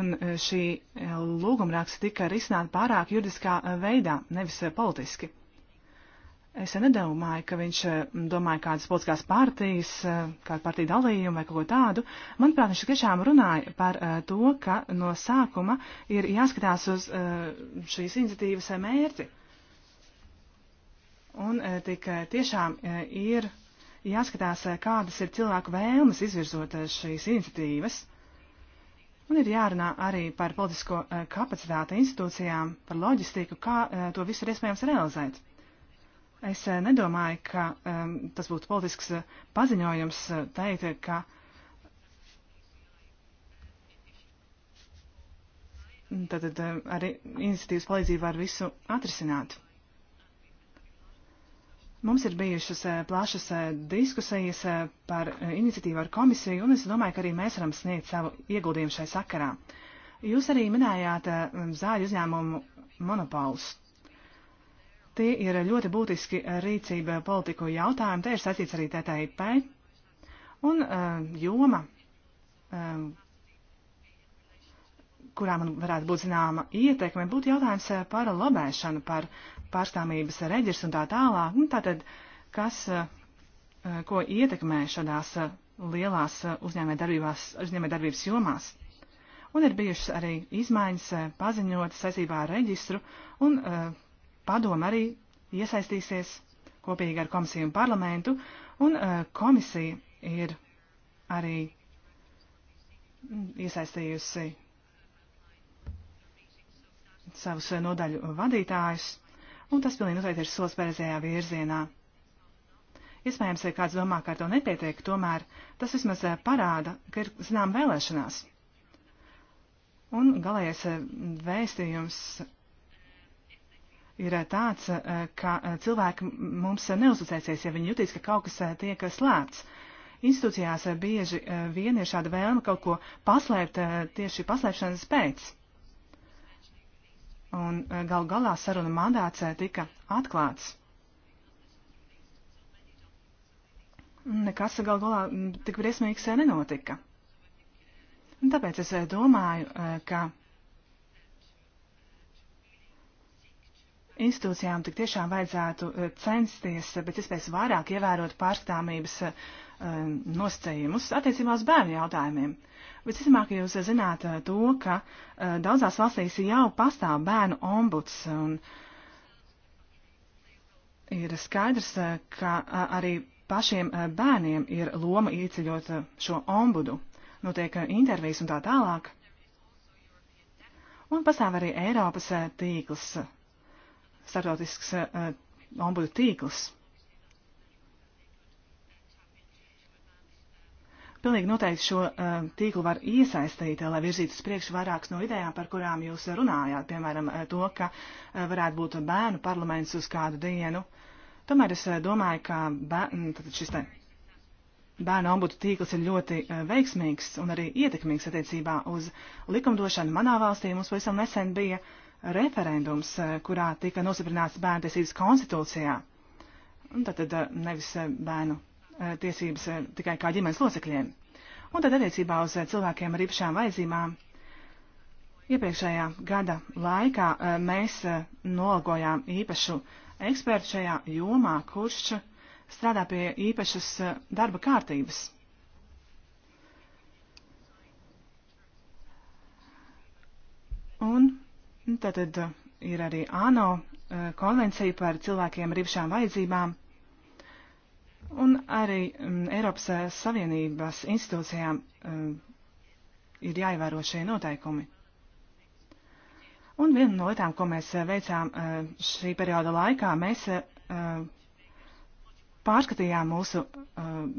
Un e, šī e, lūgumraksta tika risināta pārāk juridiskā veidā, nevis politiski. Es nedomāju, ka viņš domāja kādas politiskās partijas, kādu partiju dalījumu vai kaut ko tādu. Manuprāt, viņš tiešām runāja par to, ka no sākuma ir jāskatās uz šīs iniciatīvas mērķi. Un tik tiešām ir jāskatās, eh, kādas ir cilvēku vēlmes izvirzot eh, šīs iniciatīvas. Un ir jārunā arī par politisko eh, kapacitāti institūcijām, par loģistiku, kā to visu ir iespējams realizēt. Es nedomāju, ka tas būtu politisks paziņojums teikt, ka tad arī iniciatīvas palīdzība var visu atrisināt. Mums ir bijušas eh, plašas eh, diskusijas eh, par iniciatīvu ar komisiju, un es domāju, ka arī mēs varam sniegt savu ieguldījumu šai sakarā. Jūs arī minējāt zāļu uzņēmumu monopolus. Tie ir ļoti būtiski rīcība politiku jautājumi, te ir saistīts arī TTIP un joma, kurā man varētu būt zināma ietekme, būtu jautājums eh, par lobēšanu, par pārstāvības reģistru un tā tālāk. Nu, tātad, kas, eh, eh, ko ietekmē šādās lielās uzņēmē darbības jomās? Un ir bijušas arī izmaiņas paziņot saistībā ar reģistru, un padoma arī iesaistīsies kopīgi ar komisiju un parlamentu, un komisija ir arī mm, iesaistījusi savus eh, nodaļu vadītājus, un tas pilnīgi noteikti ir solis pareizajā virzienā. Iespējams, ja eh, kāds domā, ka ar to nepietiek, tomēr tas vismaz eh, parāda, ka ir zinām vēlēšanās. Un galējais vēstījums ir tāds, ka cilvēki mums neuzticēsies, ja viņi jutīs, ka kaut kas tiek slēpts. Institūcijās bieži vien ir šāda vēlme kaut ko paslēpt tieši paslēpšanas pēc un e, gal galā saruna mandāts tika atklāts. Nekas gal galā tik briesmīgs e, nenotika. Un tāpēc es e, domāju, ka institūcijām tik tiešām vajadzētu censties, bet iespējas vairāk ievērot pārskatāmības nosacījumus attiecībā uz bērnu jautājumiem. Visticamāk, jūs zināt eh, to, ka eh, daudzās valstīs jau pastāv bērnu ombuds. Un ir skaidrs, eh, ka arī pašiem bērniem ir loma ieceļot šo ombudu. Notiek intervijas un tā tālāk. Un pastāv arī Eiropas tīkls, starptautisks ombudu tīkls. Pilnīgi noteikti šo uh, tīklu var iesaistīt, eh, lai virzītu uz priekšu vairākas no idejām, par kurām jūs runājāt, piemēram, eh, to, ka uh, varētu būt bērnu parlaments uz kādu dienu. Tomēr es uh, domāju, ka bēr, mm, šis te bērnu ombudu tīkls ir ļoti uh, veiksmīgs un arī ietekmīgs attiecībā uz likumdošanu. Manā valstī mums pavisam nesen bija referendums, uh, kurā tika nostiprināts bērnu tiesības konstitūcijā. Un tad, tad nevis bērnu Eh, tiesības eh, tikai kā ģimenes locekļiem. Un tad attiecībā uz eh, cilvēkiem ar īpašām vajadzībām iepriekšējā gada laikā mēs nolgojām īpašu ekspertu šajā jomā, kurš strādā pie īpašas darba kārtības. Un tātad nu, ir arī ANO konvencija par cilvēkiem ar īpašām vajadzībām Un arī um, Eiropas eh, Savienības institūcijām um, ir jāievēro šie noteikumi. Un viena no lietām, ko mēs eh, veicām šī perioda laikā, mēs pārskatījām mūsu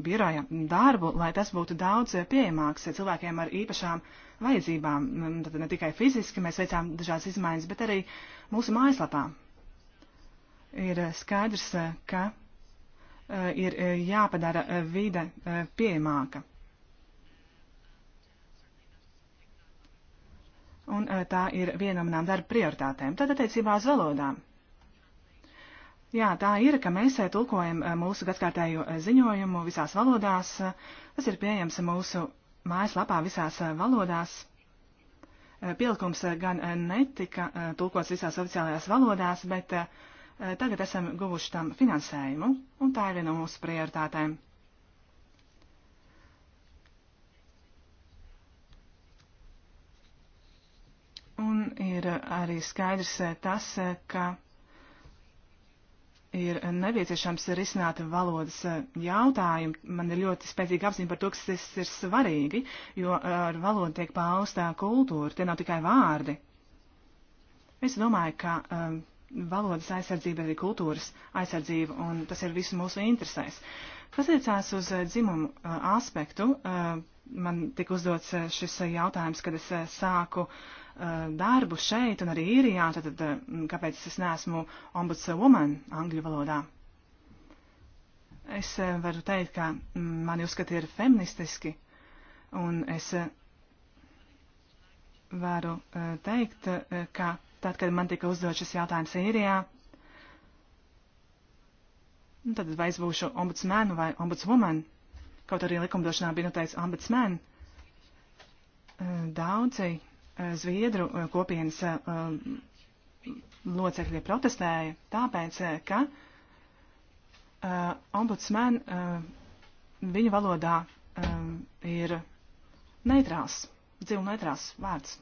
biroja darbu, lai tas būtu daudz pieejamāks cilvēkiem ar īpašām vajadzībām. Mm, tad ne tikai fiziski mēs veicām dažādas izmaiņas, bet arī mūsu mājaslapā. Ir skaidrs, ka Eh, ir eh, jāpadara eh, vide pieejamāka. Un tā ir viena no manām darba prioritātēm. Tad attiecībā uz valodām. Jā, tā ir, ka mēs tulkojam mūsu gadskārtējo ziņojumu visās valodās. Tas ir pieejams mūsu mājaslapā visās valodās. Pielikums gan netika tulkots visās oficiālajās valodās, bet uh, Eh, tagad esam guvuši tam finansējumu, un tā ir viena no mūsu prioritātēm. Un ir eh, arī skaidrs eh, tas, ka ir nepieciešams risināt valodas jautājumu. Man ir ļoti spēcīga apziņa par to, kas tas ir svarīgi, jo ar valodu tiek paustā kultūra, tie nav tikai vārdi. Es domāju, ka um, valodas aizsardzība, arī kultūras aizsardzība, un tas ir visu mūsu interesēs. Kas attiecās uz eh, dzimumu eh, aspektu, eh, man tika uzdots šis jautājums, kad es sāku darbu šeit un arī īrijā, tad, tad kāpēc es neesmu ombudswoman angļu valodā? Es varu teikt, ka mani uzskati ir feministiski, un es varu teikt, ka Tad, kad man tika uzdot šis jautājums īrijā, nu, tad vai es būšu ombudsmēnu vai ombudswoman, kaut arī likumdošanā bija noteikts ombudsmēn, eh, daudzi eh, zviedru eh, kopienas locekļi protestēja, tāpēc, ka ombudsmēn viņu valodā ir neitrāls, dzīvu neitrāls vārds.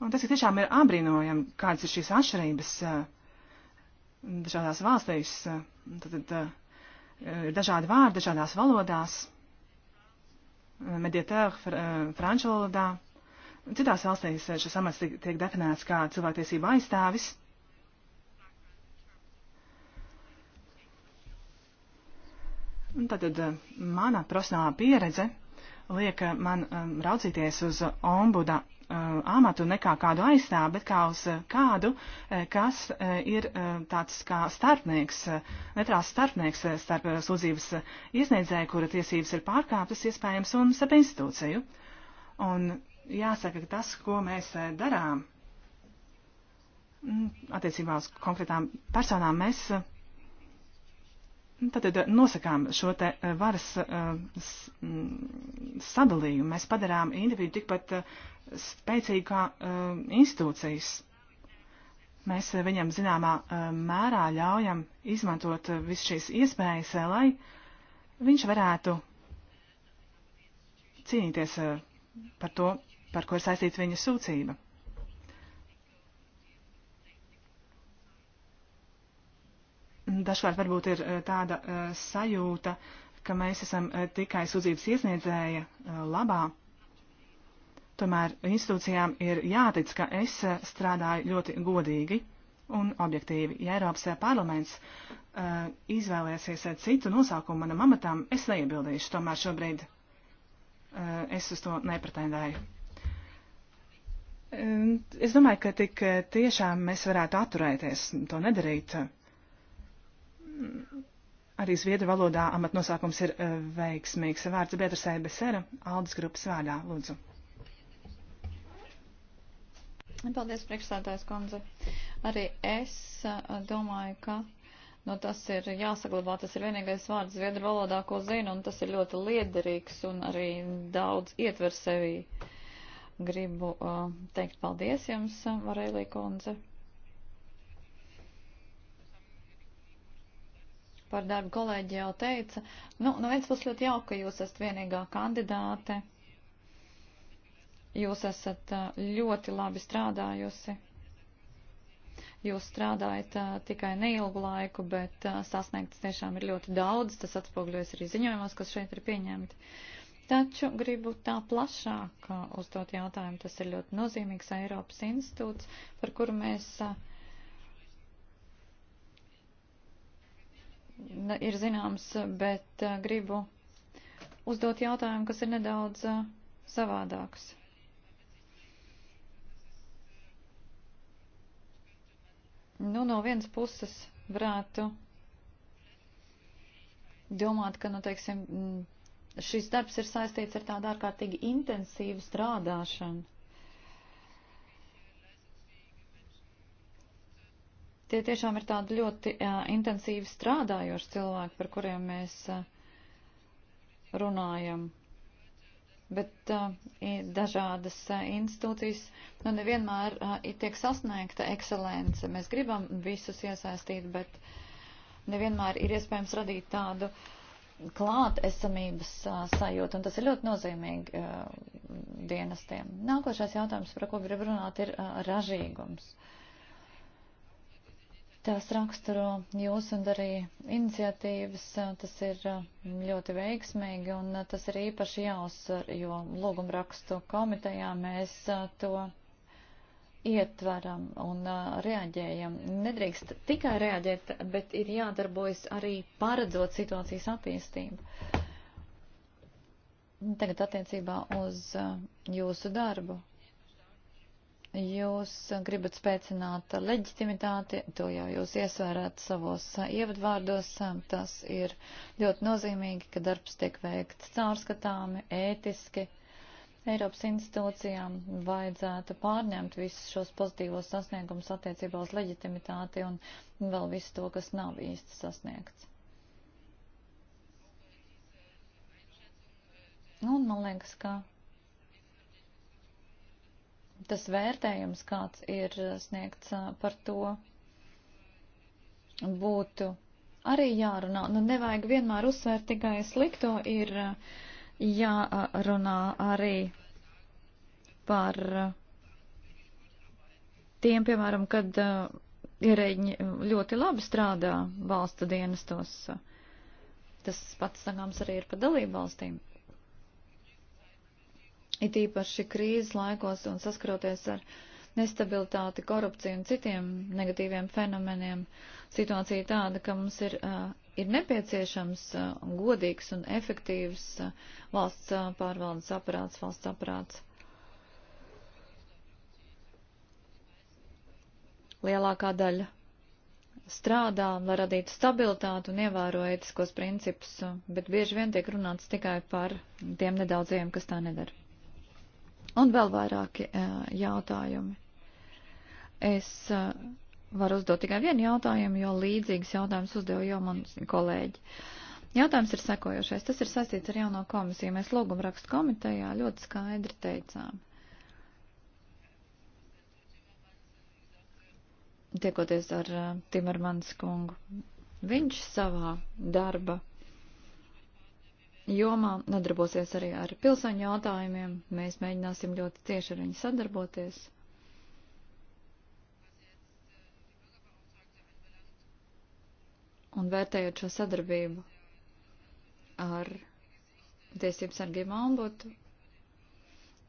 Un tas, ka tiešām ir apbrīnojami, kādas ir šīs atšķirības eh, dažādās valstīs, eh, tad, tad eh, ir dažādi vārdi dažādās valodās, medietēr, fr, franču valodā. Citās valstīs šis amats tiek, tiek definēts kā cilvēktiesība aizstāvis. Tātad mana profesionālā pieredze liek man um, raudzīties uz ombuda Eh, amatu ne kā kādu aizstāvu, bet kā uz eh, kādu, eh, kas ir tāds kā starpnieks, netrās starpnieks starp sūdzības iesniedzēju, kura tiesības ir pārkāptas iespējams un starp institūciju. Un jāsaka, ka tas, ko mēs darām, mm, attiecībā uz konkrētām personām, mēs Tātad nosakām šo te eh, varas eh, mm, sadalījumu. Mēs padarām individu tikpat eh, spēcīgu kā institūcijas. Mēs viņam zināmā mērā ļaujam izmantot visu šīs iespējas, lai viņš varētu cīnīties par to, par ko ir saistīta viņa sūdzība. dažkārt varbūt ir eh, tāda eh, sajūta, ka mēs esam eh, tikai sūdzības iesniedzēja labā. Tomēr institūcijām ir jātic, ka es strādāju ļoti godīgi un objektīvi. Ja Eiropas parlaments uh, izvēlēsies citu nosaukumu manam amatam, es neiebildīšu. Tomēr šobrīd uh, es uz to nepretendēju. Uh, es domāju, ka tik tiešām mēs varētu atturēties to nedarīt. Uh, arī zviedru valodā amatnosākums ir uh, veiksmīgs. Vārds Beatrasai Besera, Aldis grupas vārdā, lūdzu. Paldies, priekšstādājs kundze. Arī es uh, domāju, ka nu, tas ir jāsaglabā. Tas ir vienīgais vārds zviedru valodā, ko zinu, un tas ir ļoti liederīgs un arī daudz ietver sevī. Gribu uh, teikt paldies jums, Varēlī kundze. par darbu kolēģi jau teica. Nu, no nu viens puses ļoti jauka, ka jūs esat vienīgā kandidāte. Jūs esat uh, ļoti labi strādājusi. Jūs strādājat uh, tikai neilgu laiku, bet uh, sasniegts tiešām ir ļoti daudz. Tas atspogļojas arī ziņojumos, kas šeit ir pieņemti. Taču gribu tā plašāk uh, uzdot jautājumu. Tas ir ļoti nozīmīgs Eiropas institūts, par kuru mēs uh, ir zināms, bet eh, gribu uzdot jautājumu, kas ir nedaudz eh, savādāks. Nu, no vienas puses varētu domāt, ka, nu, teiksim, mm, šis darbs ir saistīts ar tādu ārkārtīgi intensīvu strādāšanu. Tie tiešām ir tādi ļoti uh, intensīvi strādājoši cilvēki, par kuriem mēs uh, runājam. Bet uh, dažādas uh, institūcijas nu, nevienmēr uh, tiek sasniegta ekscelence. Mēs gribam visus iesaistīt, bet nevienmēr ir iespējams radīt tādu klātesamības uh, sajūtu, un tas ir ļoti nozīmīgi uh, dienestiem. Nākošais jautājums, par ko grib runāt, ir uh, ražīgums. Uh, Tās raksturo jūs un arī iniciatīvas, tas ir uh, ļoti veiksmīgi un uh, tas ir īpaši jāuzsver, uh, jo lūgumrakstu komitejā mēs to ietveram un reaģējam. Nedrīkst tikai reaģēt, bet ir jādarbojas arī paredzot situācijas attīstību. Tagad attiecībā uz jūsu darbu. Jūs gribat spēcināt leģitimitāti, to jau jūs iesvērāt savos ievadvārdos. Tas ir ļoti nozīmīgi, ka darbs tiek veikts caurskatāmi, ētiski. Eiropas institūcijām vajadzētu pārņemt visus šos pozitīvos sasniegumus attiecībā uz leģitimitāti un vēl visu to, kas nav īsti sasniegts. Un man liekas, ka tas vērtējums, kāds ir eh, sniegts eh, par to, būtu arī jārunā. Nu, nevajag vienmēr uzsvērt tikai slikto, ir eh, jārunā arī par tiem, piemēram, kad ierēģi ļoti labi strādā valstu dienestos. Tas pats sakāms arī ir par dalību valstīm. It īpaši krīzes laikos un saskaroties ar nestabilitāti, korupciju un citiem negatīviem fenomeniem, situācija tāda, ka mums ir, uh, ir nepieciešams uh, godīgs un efektīvs uh, valsts uh, pārvaldes aparāts, valsts aparāts. Lielākā daļa strādā, lai radītu stabilitātu un ievēro ētiskos principus, bet bieži vien tiek runāts tikai par tiem nedaudziem, kas tā nedara. Un vēl vairāki e, jautājumi. Es e, varu uzdot tikai vienu jautājumu, jo līdzīgs jautājums uzdeva jau mans kolēģi. Jautājums ir sekojošais. Tas ir saistīts ar jauno komisiju. Mēs lūgumrakstu komitejā ļoti skaidri teicām. Tiekoties ar e, Timermans kungu, viņš savā darba jomā, nodarbosies arī ar pilsoņu jautājumiem. Mēs mēģināsim ļoti cieši ar viņu sadarboties. Un vērtējot šo sadarbību ar tiesību sargiem ombudu,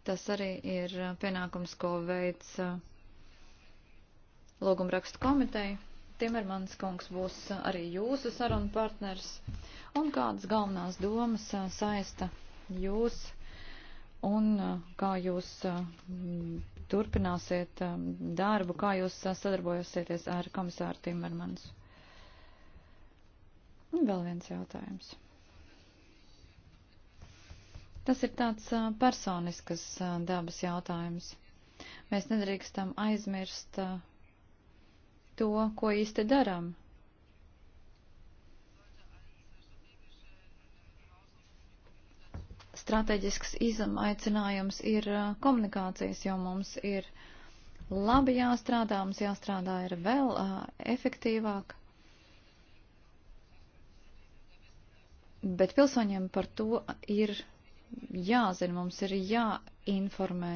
tas arī ir pienākums, ko veic lūgumrakstu komiteja. Timermans kungs būs arī jūsu sarunu partners. Un kādas galvenās domas saista jūs un kā jūs turpināsiet darbu, kā jūs sadarbojosieties ar komisāru Timermans? Un vēl viens jautājums. Tas ir tāds personiskas dabas jautājums. Mēs nedrīkstam aizmirst uh, to, ko īsti daram. Strateģisks izaicinājums ir uh, komunikācijas, jo mums ir labi jāstrādā, mums jāstrādā ir vēl uh, efektīvāk. Bet pilsoņiem par to ir jāzina, mums ir jāinformē.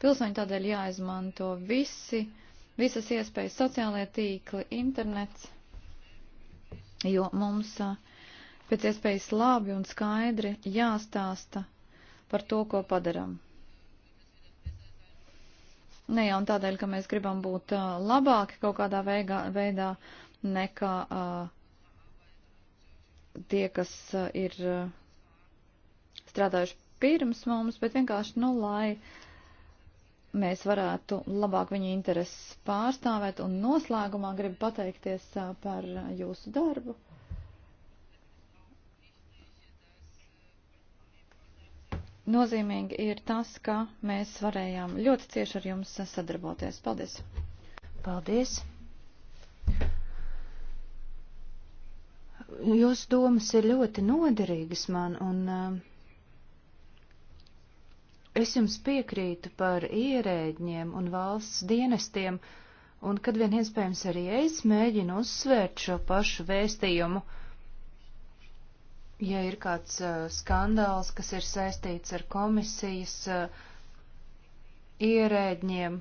Pilsoņi tādēļ jāizmanto visi uh, visas iespējas, sociālajie tīkli, internets, jo mums pēc iespējas labi un skaidri jāstāsta par to, ko padaram. Ne jau tādēļ, ka mēs gribam būt labāki kaut kādā veigā, veidā nekā tie, kas ir strādājuši pirms mums, bet vienkārši, nu, lai uh, mēs varētu labāk viņa intereses pārstāvēt. Un noslēgumā gribu pateikties par jūsu darbu. Nozīmīgi ir tas, ka mēs varējām ļoti cieši ar jums sadarboties. Paldies! Paldies! Jūsu domas ir ļoti noderīgas man, un uh, Es jums piekrītu par ierēģiem un valsts dienestiem, un kad vien iespējams arī es mēģinu uzsvērt šo pašu vēstījumu. Ja ir kāds uh, skandāls, kas ir saistīts ar komisijas uh, ierēģiem,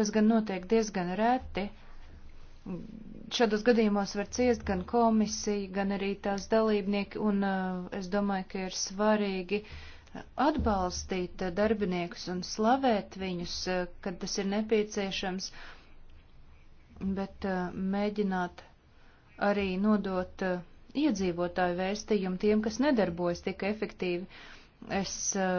kas gan notiek diezgan reti, šādos gadījumos var ciest gan komisija, gan arī tās dalībnieki, un uh, es domāju, ka ir svarīgi uh, atbalstīt darbiniekus un slavēt viņus, kad tas ir nepieciešams, bet eh, mēģināt arī nodot eh, iedzīvotāju vēstījumu tiem, kas nedarbojas tik efektīvi. Es eh,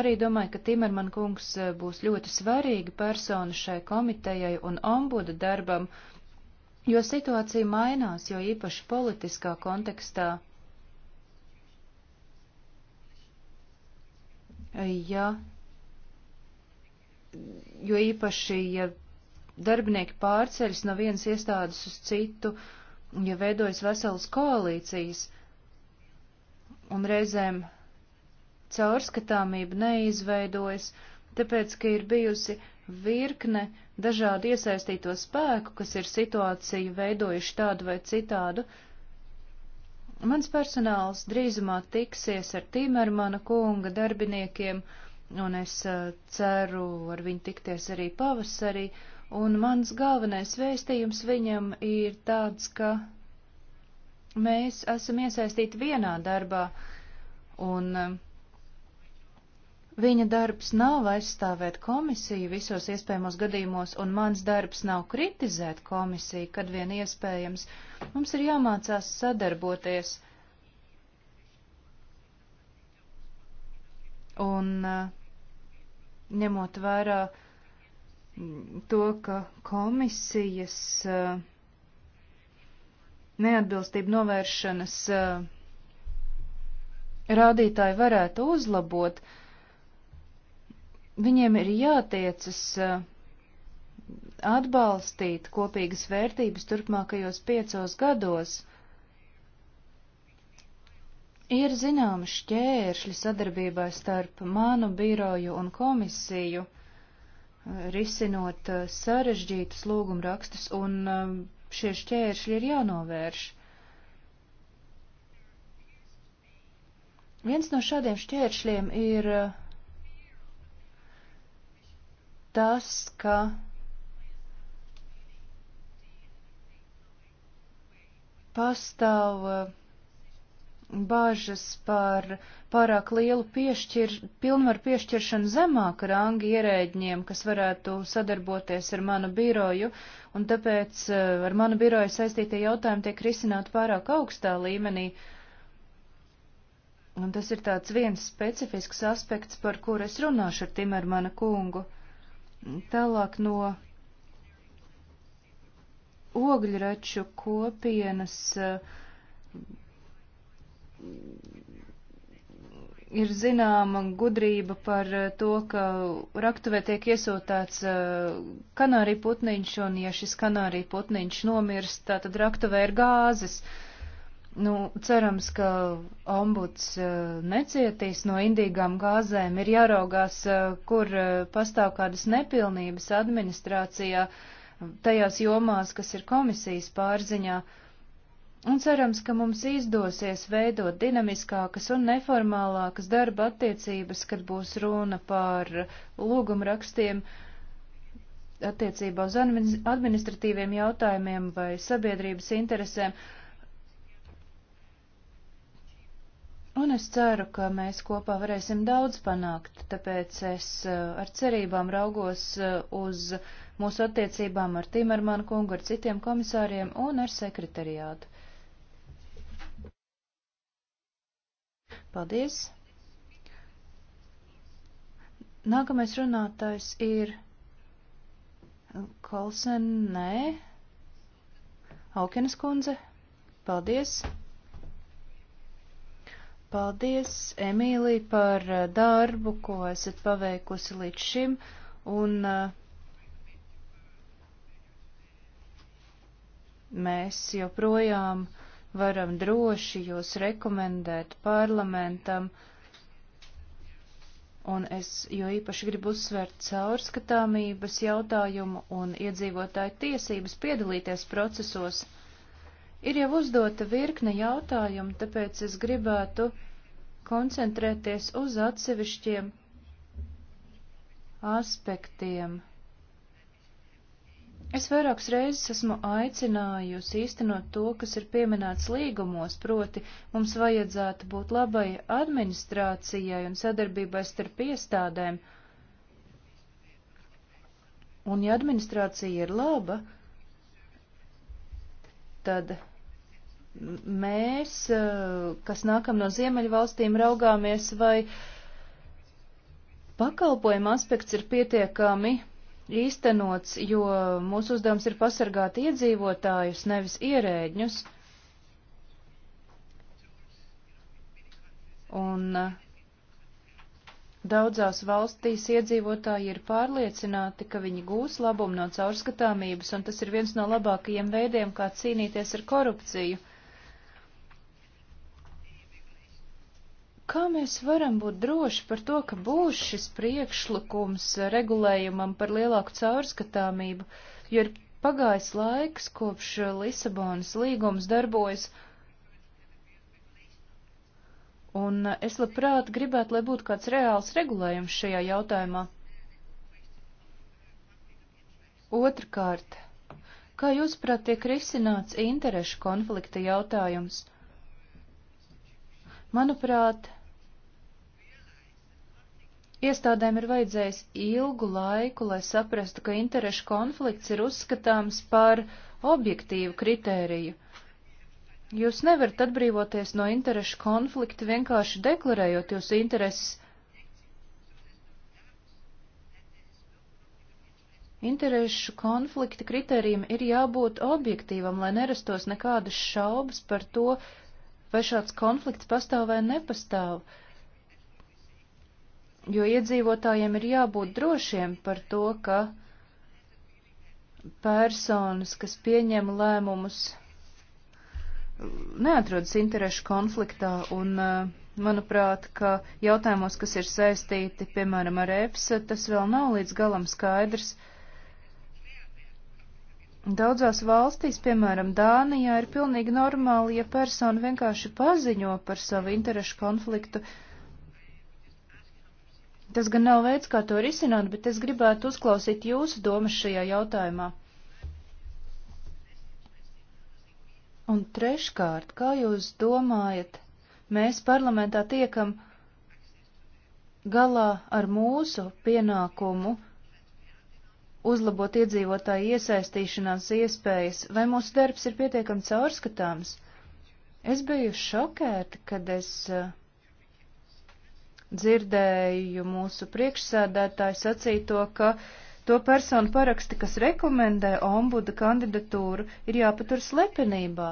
arī domāju, ka Timerman kungs būs ļoti svarīga persona šai komitejai un ombuda darbam, jo situācija mainās, jo īpaši politiskā kontekstā. ja, jo īpaši, ja darbinieki pārceļas no vienas iestādes uz citu, ja veidojas veselas koalīcijas, un reizēm caurskatāmība neizveidojas, tāpēc, ka ir bijusi virkne dažādu iesaistīto spēku, kas ir situāciju veidojuši tādu vai citādu, uh, Mans personāls drīzumā tiksies ar Timermana kunga darbiniekiem, un es uh, ceru ar viņu tikties arī pavasarī, un mans galvenais vēstījums viņam ir tāds, ka mēs esam iesaistīti vienā darbā, un um, Viņa darbs nav aizstāvēt komisiju visos iespējamos gadījumos, un mans darbs nav kritizēt komisiju, kad vien iespējams. Mums ir jāmācās sadarboties. Un uh, ņemot vērā mm, to, ka komisijas uh, neatbilstību novēršanas uh, rādītāji varētu uzlabot, uh, Viņiem ir jātiecas eh, atbalstīt kopīgas vērtības turpmākajos piecos gados. Ir zināma šķēršļi sadarbībai starp manu biroju un komisiju, eh, risinot eh, sarežģītus lūgumrakstus, un šie šķēršļi ir jānovērš. Viens no šādiem šķēršļiem ir uh, tas, ka pastāv uh, bažas par pārāk lielu piešķir, pilnvaru piešķiršanu zemāka ranga ierēģiem, kas varētu sadarboties ar manu biroju, un tāpēc uh, ar manu biroju saistītie jautājumi tiek risināti pārāk augstā līmenī. Un tas ir tāds viens specifisks aspekts, par kur es runāšu ar Timermana kungu. Tālāk no ogļraču kopienas eh, ir zināma gudrība par eh, to, ka raktuvē tiek iesūtāts eh, kanārī putniņš, un ja šis kanārī putniņš nomirst, tad raktuvē ir gāzes. Uh, Nu, cerams, ka ombuds eh, necietīs no indīgām gāzēm. Ir jāraugās, eh, kur eh, pastāv kādas nepilnības administrācijā, tajās jomās, kas ir komisijas pārziņā. Un cerams, ka mums izdosies veidot dinamiskākas un neformālākas darba attiecības, kad būs runa par lūgumrakstiem attiecībā uz administratīviem jautājumiem vai sabiedrības interesēm. Uh, Un es ceru, ka mēs kopā varēsim daudz panākt, tāpēc es eh, ar cerībām raugos eh, uz mūsu attiecībām ar Timermanu kungu, ar citiem komisāriem un ar sekretariātu. Paldies! Nākamais runātājs ir Kolsen, nē, Aukenes kundze. Paldies! Paldies, Emīlija, par eh, darbu, ko esat paveikusi līdz šim, un eh, mēs joprojām varam droši jūs rekomendēt parlamentam, un es jo īpaši gribu uzsvērt caurskatāmības jautājumu un iedzīvotāju tiesības piedalīties procesos. Ir jau uzdota virkne jautājumu, tāpēc es gribētu koncentrēties uz atsevišķiem aspektiem. Es vairākas reizes esmu aicinājusi īstenot to, kas ir pieminēts līgumos, proti mums vajadzētu būt labai administrācijai un sadarbībai starp iestādēm. Un ja administrācija ir laba, tad mēs, eh, kas nākam no Ziemeļvalstīm, raugāmies, vai pakalpojuma aspekts ir pietiekami īstenots, jo mūsu uzdevums ir pasargāt iedzīvotājus, nevis ierēģņus. Un uh, Daudzās valstīs iedzīvotāji ir pārliecināti, ka viņi gūs labumu no caurskatāmības, un tas ir viens no labākajiem veidiem, kā cīnīties ar korupciju. Kā mēs varam būt droši par to, ka būs šis priekšlikums regulējumam par lielāku caurskatāmību, jo ir pagājis laiks, kopš Lisabonas līgums darbojas, Un es labprāt gribētu, lai būtu kāds reāls regulējums šajā jautājumā. Otrakārt, kā jūs prāt tiek risināts interešu konflikta jautājums? Manuprāt, iestādēm ir vajadzējis ilgu laiku, lai saprastu, ka interešu konflikts ir uzskatāms par objektīvu kritēriju. Uh, Jūs nevarat atbrīvoties no interešu konflikta vienkārši deklarējot jūsu intereses. Interešu konflikta kritērijam ir jābūt objektīvam, lai nerastos nekādas šaubas par to, vai šāds konflikts pastāv vai nepastāv. Jo iedzīvotājiem ir jābūt drošiem par to, ka personas, kas pieņem lēmumus, neatrodas interešu konfliktā un, eh, manuprāt, ka jautājumos, kas ir saistīti, piemēram, ar EPSA, tas vēl nav līdz galam skaidrs. Daudzās valstīs, piemēram, Dānijā, ir pilnīgi normāli, ja persona vienkārši paziņo par savu interešu konfliktu. Tas gan nav veids, kā to risināt, bet es gribētu uzklausīt jūsu domas šajā jautājumā. Un treškārt, kā jūs domājat, mēs parlamentā tiekam galā ar mūsu pienākumu uzlabot iedzīvotāju iesaistīšanās iespējas, vai mūsu darbs ir pietiekami caurskatāms? Es biju šokēta, kad es eh, dzirdēju mūsu priekšsēdētāju sacīto, ka uh, To personu paraksti, kas rekomendē ombuda kandidatūru, ir jāpatur slepenībā.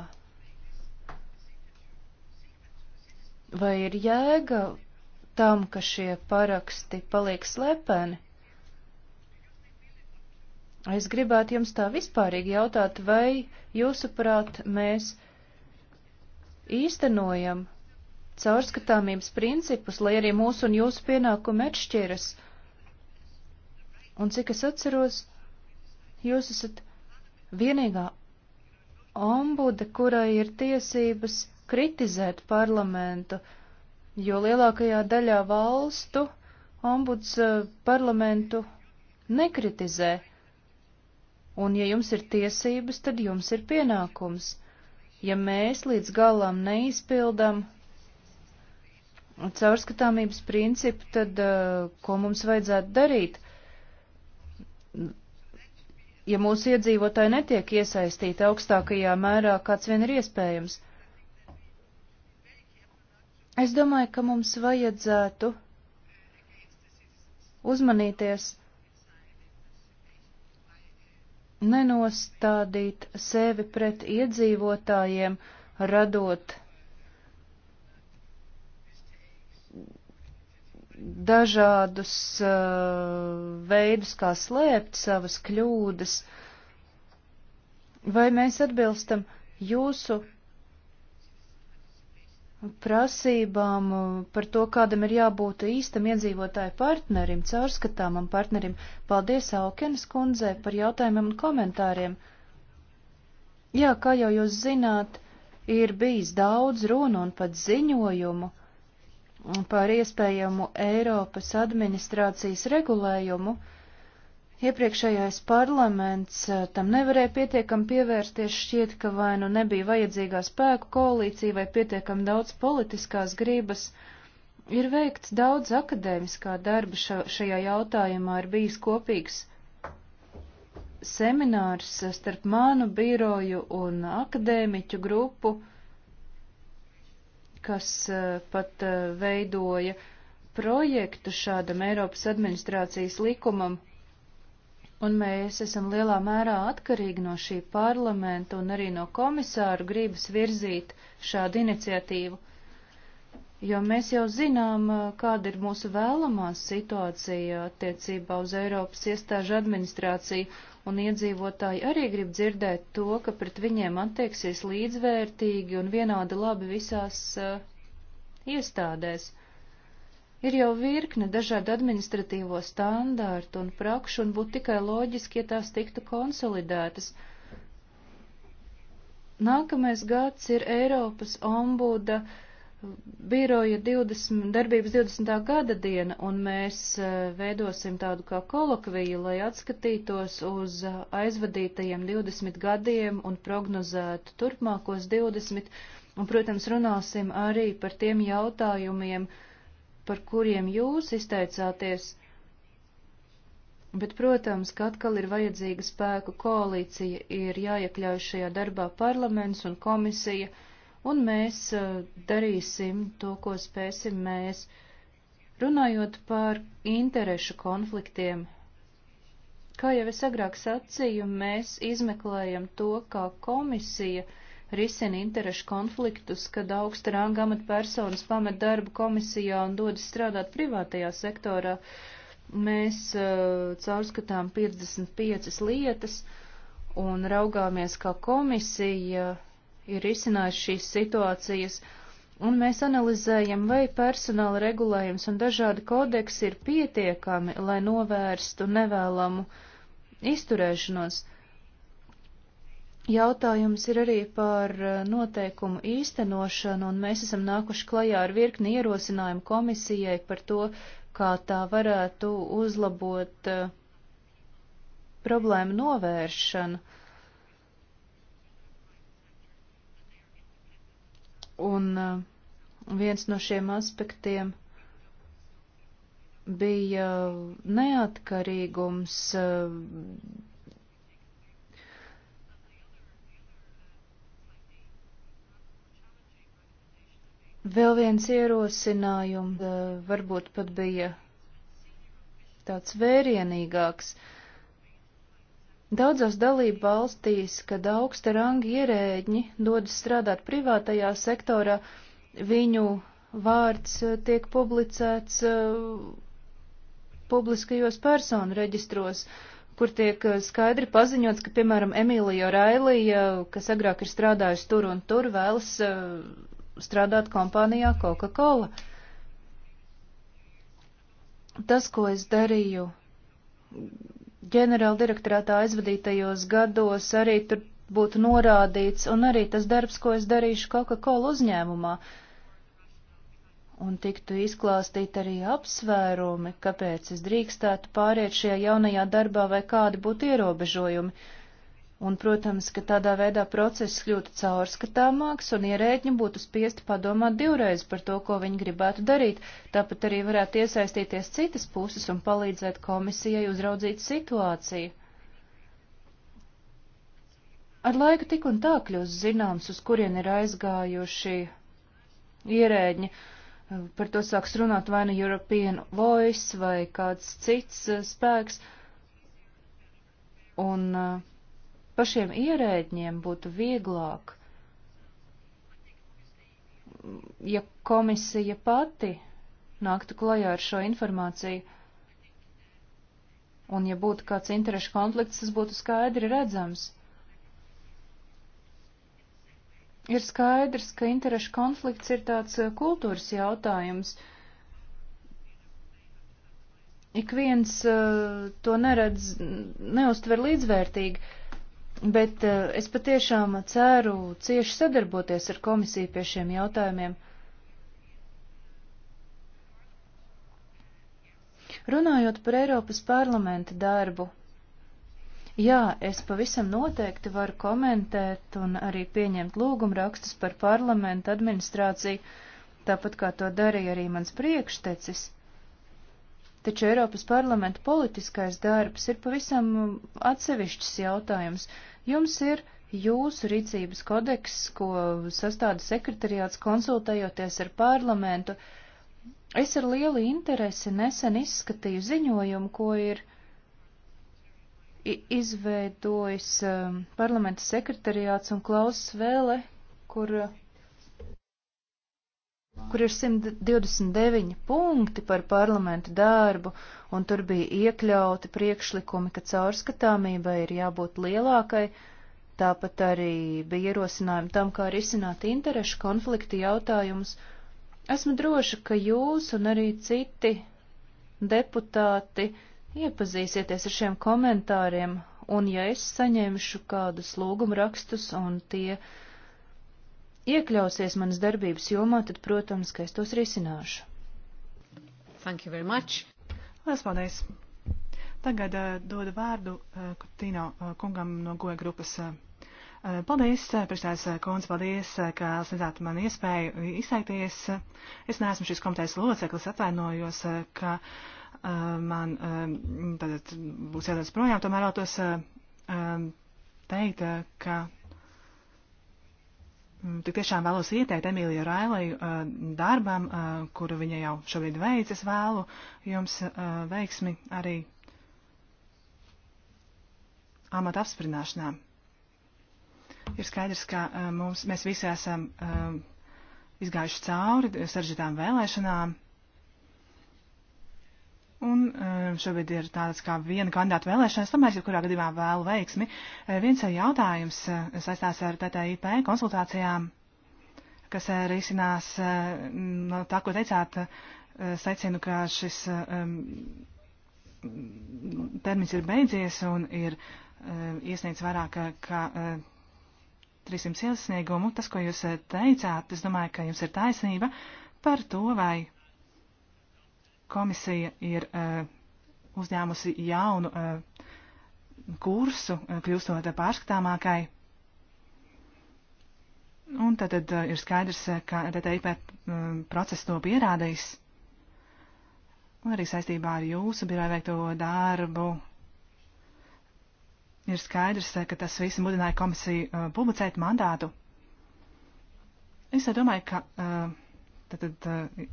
Vai ir jēga tam, ka šie paraksti paliek slepeni? Es gribētu jums tā vispārīgi jautāt, vai jūsuprāt mēs īstenojam caurskatāmības principus, lai arī mūsu un jūsu pienākumi atšķiras? Un cik es atceros, jūs esat vienīgā ombude, kurai ir tiesības kritizēt parlamentu, jo lielākajā daļā valstu ombuds eh, parlamentu nekritizē. Un ja jums ir tiesības, tad jums ir pienākums. Ja mēs līdz galam neizpildam caurskatāmības principu, tad uh, ko mums vajadzētu darīt? ja mūsu iedzīvotāji netiek iesaistīti augstākajā mērā, kāds vien ir iespējams. Es domāju, ka mums vajadzētu uzmanīties, nenostādīt sevi pret iedzīvotājiem, radot dažādus uh, veidus, kā slēpt savas kļūdas. Vai mēs atbilstam jūsu prasībām uh, par to, kādam ir jābūt īstam iedzīvotāju partnerim, caurskatāmam partnerim? Paldies Aukenas kundzei par jautājumiem un komentāriem. Jā, kā jau jūs zināt, ir bijis daudz runu un pat ziņojumu par iespējamu Eiropas administrācijas regulējumu. Iepriekšējais parlaments eh, tam nevarēja pietiekami pievērsties, šķiet, ka vai nu nebija vajadzīgā spēku koalīcija vai pietiekami daudz politiskās gribas. Ir veikts daudz akadēmiskā darba ša šajā jautājumā, ir bijis kopīgs seminārs eh, starp manu biroju un akadēmiķu grupu kas eh, pat eh, veidoja projektu šādam Eiropas administrācijas likumam, un mēs esam lielā mērā atkarīgi no šī parlamenta un arī no komisāru gribas virzīt šādu iniciatīvu, jo mēs jau zinām, eh, kāda ir mūsu vēlamā situācija attiecībā uz Eiropas iestāžu administrāciju, un iedzīvotāji arī grib dzirdēt to, ka pret viņiem attieksies līdzvērtīgi un vienādi labi visās uh, iestādēs. Ir jau virkne dažādu administratīvo standārtu un prakšu, un būtu tikai loģiski, ja tās tiktu konsolidētas. Nākamais gads ir Eiropas ombuda uh, biroja 20, darbības 20. gada diena, un mēs eh, veidosim tādu kā kolokviju, lai atskatītos uz eh, aizvadītajiem 20 gadiem un prognozētu turpmākos 20, un, protams, runāsim arī par tiem jautājumiem, par kuriem jūs izteicāties. Bet, protams, ka atkal ir vajadzīga spēku koalīcija, ir jāiekļauj šajā darbā parlaments un komisija, un mēs darīsim to, ko spēsim mēs. Runājot par interešu konfliktiem, kā jau es agrāk sacīju, mēs izmeklējam to, kā komisija risina interešu konfliktus, kad augsta ranga amatpersonas pamet darbu komisijā un dodas strādāt privātajā sektorā. Mēs uh, caurskatām 55 lietas un raugāmies, kā komisija ir izcinājuši šīs situācijas, un mēs analizējam, vai personāla regulējums un dažādi kodeksi ir pietiekami, lai novērstu nevēlamu izturēšanos. Jautājums ir arī par eh, noteikumu īstenošanu, un mēs esam nākuši klajā ar virkni ierosinājumu komisijai par to, kā tā varētu uzlabot eh, problēmu novēršanu. Un uh, viens no šiem aspektiem bija neatkarīgums. Uh, vēl viens ierosinājums uh, varbūt pat bija tāds vērienīgāks. Uh, Daudzās dalību valstīs, kad augsta rangi ierēģi dodas strādāt privātajā sektorā, viņu vārds eh, tiek publicēts eh, publiskajos personu reģistros, kur tiek eh, skaidri paziņots, ka, piemēram, Emīlija Railija, kas agrāk ir strādājusi tur un tur, vēlas strādāt kompānijā Coca-Cola. Tas, ko es darīju ģenerāla direktorātā aizvadītajos gados arī tur būtu norādīts, un arī tas darbs, ko es darīšu Coca-Cola uzņēmumā. Un tiktu izklāstīt arī apsvērumi, kāpēc es drīkstētu pāriet šajā jaunajā darbā vai kādi būtu ierobežojumi. Un, protams, ka tādā veidā process kļūtu caurskatāmāks un ierēģi būtu spiesti padomāt divreiz par to, ko viņi gribētu darīt. Tāpat arī varētu iesaistīties citas puses un palīdzēt komisijai uzraudzīt situāciju. Ar laiku tik un tā kļūst zināms, uz kurien ir aizgājuši ierēģi. Par to sāks runāt vai nu European Voice vai kāds cits eh, spēks. Un uh, pašiem ierēģiem būtu vieglāk, ja komisija pati nāktu klajā ar šo informāciju. Un ja būtu kāds interešu konflikts, tas būtu skaidri redzams. Ir skaidrs, ka interešu konflikts ir tāds eh, kultūras jautājums. Ik viens uh, to neredz, neustver līdzvērtīgi. Uh, Bet eh, es patiešām ceru cieši sadarboties ar komisiju pie šiem jautājumiem. Runājot par Eiropas parlamenta darbu, jā, es pavisam noteikti varu komentēt un arī pieņemt lūgumu rakstus par parlamenta administrāciju, tāpat kā to darīja arī mans priekštecis. Taču Eiropas parlamenta politiskais darbs ir pavisam um, atsevišķs jautājums. Jums ir jūsu rīcības kodeks, ko sastāda sekretariāts konsultējoties ar parlamentu. Es ar lielu interesi nesen izskatīju ziņojumu, ko ir izveidojis um, parlamenta sekretariāts un Klaus Vēle, kur uh, kur ir 129 punkti par parlamentu darbu, un tur bija iekļauti priekšlikumi, ka caurskatāmībai ir jābūt lielākai, tāpat arī bija ierosinājumi tam, kā risināt interešu konflikti jautājumus. Esmu droša, ka jūs un arī citi deputāti iepazīsieties ar šiem komentāriem, un ja es saņemšu kādus lūgumu rakstus un tie uh, iekļausies manas darbības jomā, tad, protams, ka es tos risināšu. Thank you very much. Lielas paldies. Tagad uh, dodu vārdu uh, eh, Kutīno uh, eh, kungam no goja grupas. Uh, Paldies, priekšstājas kundze, paldies, ka sniedzāt man iespēju izteikties. Es neesmu šīs komitejas loceklis, atvainojos, ka uh, man uh, būs jādodas projām, tomēr vēlos uh, teikt, ka Mm, tik tiešām vēlos ieteikt Emīliju Railēju uh, darbam, uh, kuru viņa jau šobrīd veic. Es vēlu jums uh, veiksmi arī amata apsprināšanā. Ir skaidrs, ka mums, mēs visi esam izgājuši cauri saržģītām vēlēšanām Un e, šobrīd ir tādas kā viena kandidāta vēlēšanas, tomēr, ja kurā gadījumā vēlu veiksmi, e, viens jautājums e, saistās ar TTIP konsultācijām, kas risinās, no tā, ko teicāt, secinu, ka šis termiņš ir beidzies un ir iesniegts vairāk kā 300 iesniegumu. Tas, ko jūs teicāt, es domāju, ka jums ir taisnība par to, vai komisija ir eh, uzņēmusi jaunu eh, kursu, eh, kļūstot pārskatāmākai. Un tad, tad ir skaidrs, ka TTIP process to pierādījis. Un arī saistībā ar jūsu biroja veikto darbu ir skaidrs, ka tas viss mudināja komisiju publicēt mandātu. Es domāju, ka tad, tad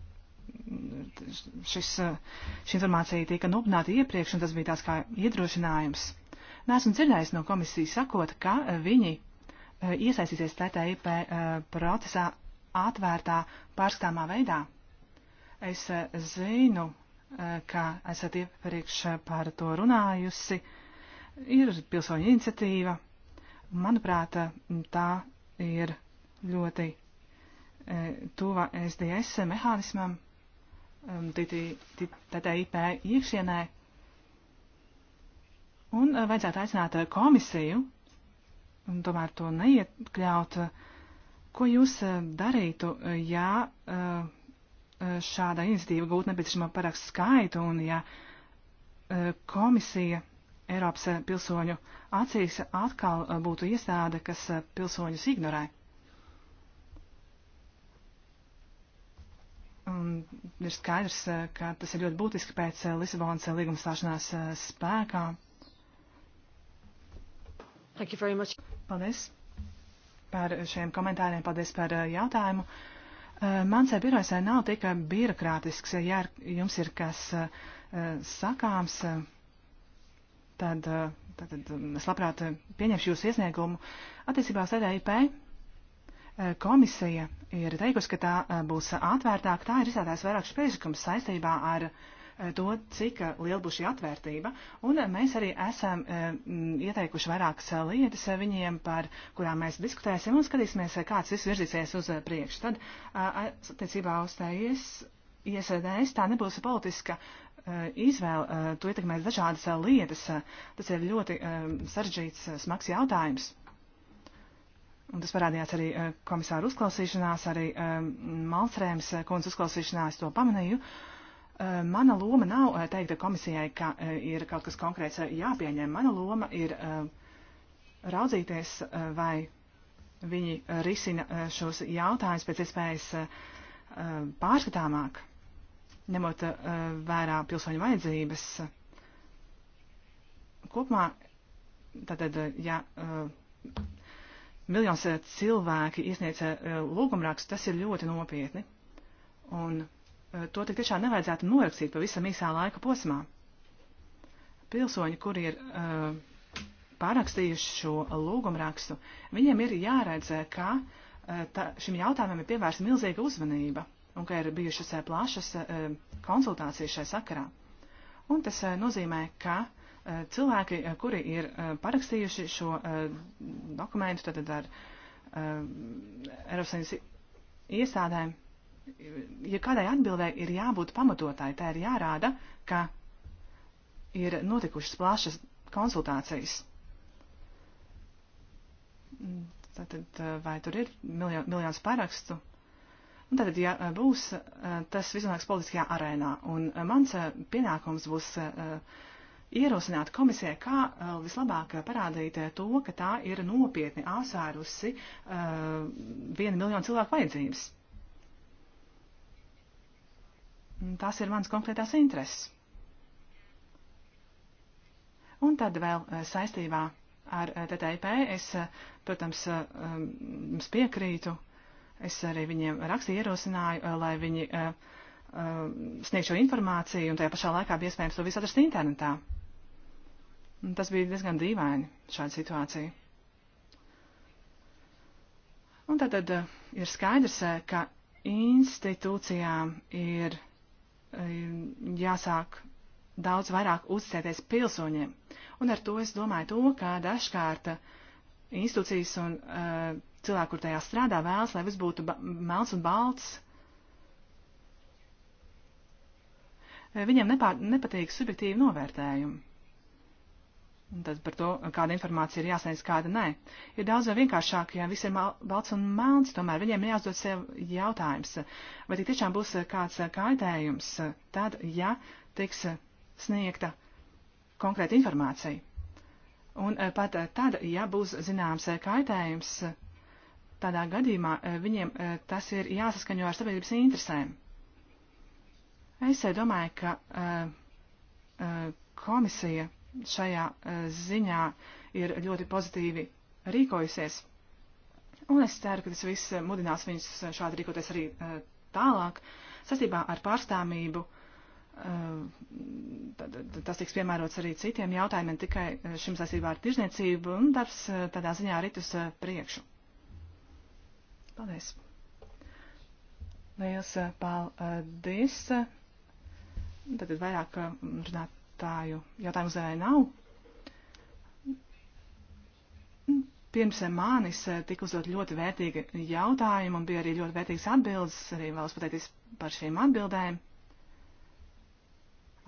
šis, eh, šī informācija tika nopināta iepriekš, un tas bija tās kā iedrošinājums. Nesmu dzirdējis no komisijas sakot, ka viņi eh, iesaistīsies TTIP eh, procesā atvērtā pārstāmā veidā. Es zinu, ka esat iepriekš par to runājusi. Ir pilsoņu iniciatīva. Manuprāt, tā ir ļoti tuva SDS mehānismam, Um, TTIP iekšienē. Un uh, vajadzētu aicināt uh, komisiju, un tomēr to neiekļaut, ko jūs uh, darītu, ja šāda iniciatīva gūtu nepieciešama parakstu skaitu un ja komisija Eiropas pilsoņu acīs atkal būtu iestāde, kas pilsoņus ignorē. Un ir skaidrs, eh, ka tas ir ļoti būtiski pēc eh, Lisabonas eh, līguma stāšanās spēkā. Paldies par šiem komentāriem, paldies par jautājumu. Mans birojs nav tikai birokrātisks. Ja jums ir kas sakāms, tad, tad, tad mm, es labprāt pieņemšu jūsu iesniegumu attiecībā uz EDIP Eh, komisija ir teikusi, ka tā eh, būs atvērtāka. Tā ir izstrādājusi vairākus priekšlikumus saistībā ar eh, to, cik liela būs šī atvērtība. Un mēs arī esam ieteikuši vairākas lietas viņiem, par kurām mēs diskutēsim un skatīsimies, kāds viss virzīsies uz priekšu. Tad, attiecībā uz tējies, iesēdēs, tā nebūs politiska izvēle, to ietekmēs dažādas lietas. Tas ir ļoti saržģīts, smags jautājums. Un tas parādījās arī eh, komisāra uzklausīšanās, arī eh, Malstrēms eh, kundze uzklausīšanās to pamanīju. Mana loma nav teikt komisijai, ka ir kaut kas konkrēts jāpieņem. Mana loma ir raudzīties, vai viņi risina šos jautājumus pēc iespējas pārskatāmāk, ņemot vērā pilsoņu vajadzības. Kopumā, tātad, ja miljons eh, cilvēki iesniedz eh, lūgumrakstu, tas ir ļoti nopietni. Un eh, to tik tiešām nevajadzētu norakstīt pavisam īsā laika posmā. Pilsoņi, kuri ir pārakstījuši šo lūgumrakstu, viņiem ir jāredz, ka ta, šim jautājumam ir pievērsta milzīga uzmanība un ka ir bijušas plašas konsultācijas šai sakarā. Un tas nozīmē, ka uh, Eh, cilvēki, eh, kuri ir eh, parakstījuši šo dokumentu, tad ar Eiropas Savienības iestādēm, ja kādai atbildē ir jābūt pamatotāji, tā ir jārāda, ka ir notikušas plašas konsultācijas. Tātad, vai tur ir miljon, miljons parakstu? Un tātad, ja būs, tas visnonāks politiskajā arēnā. Un mans pienākums būs uh, ierosināt komisijai, kā eh, vislabāk parādīt eh, to, ka tā ir nopietni āsvērusi eh, viena miljonu cilvēku vajadzības. Tas ir mans konkrētās intereses. Un tad vēl saistībā ar TTIP es, protams, mm, jums piekrītu. Es arī viņiem rakstīju ierosināju, lai viņi sniegtu šo informāciju un tajā pašā laikā bija iespējams to visu atrast internetā. Tas bija diezgan dīvaini šāda situācija. Un tad, tad eh, ir skaidrs, eh, ka institūcijām ir eh, jāsāk daudz vairāk uzticēties pilsoņiem. Un ar to es domāju to, ka dažkārt institūcijas un uh, cilvēki, kur tajā strādā, vēlas, lai viss būtu melns un balts. Viņiem nepār, nepatīk subjektīvi novērtējumi. Tad par to, kāda informācija ir jāsniedz, kāda nē. Ir daudz vai vienkāršāk, ja viss ir mal, balts un melns, tomēr viņiem ir jāuzdod sev jautājums, vai tik tiešām būs kāds kaitējums, tad, ja tiks sniegta konkrēta informācija. Un eh, pat eh, tad, ja būs zināms eh, kaitējums, tādā gadījumā viņiem tas ir jāsaskaņo ar sabiedrības interesēm. Es domāju, ka komisija šajā eh, ziņā ir ļoti pozitīvi rīkojusies. Un es ceru, ka tas viss eh, mudinās viņus eh, šādi rīkoties arī tālāk. Sastībā ar pārstāvību tas tiks piemērots arī citiem jautājumiem, tikai šim saistībā ar tirzniecību un darbs tādā ziņā rit uz priekšu. Paldies! Liels paldies! Tad ir vairāk runāt jautāju. Jautājumu uzdevēja nav. Pirms manis eh, tika uzdot ļoti vērtīgi jautājumi un bija arī ļoti vērtīgas atbildes. Arī vēlos pateikties par šīm atbildēm.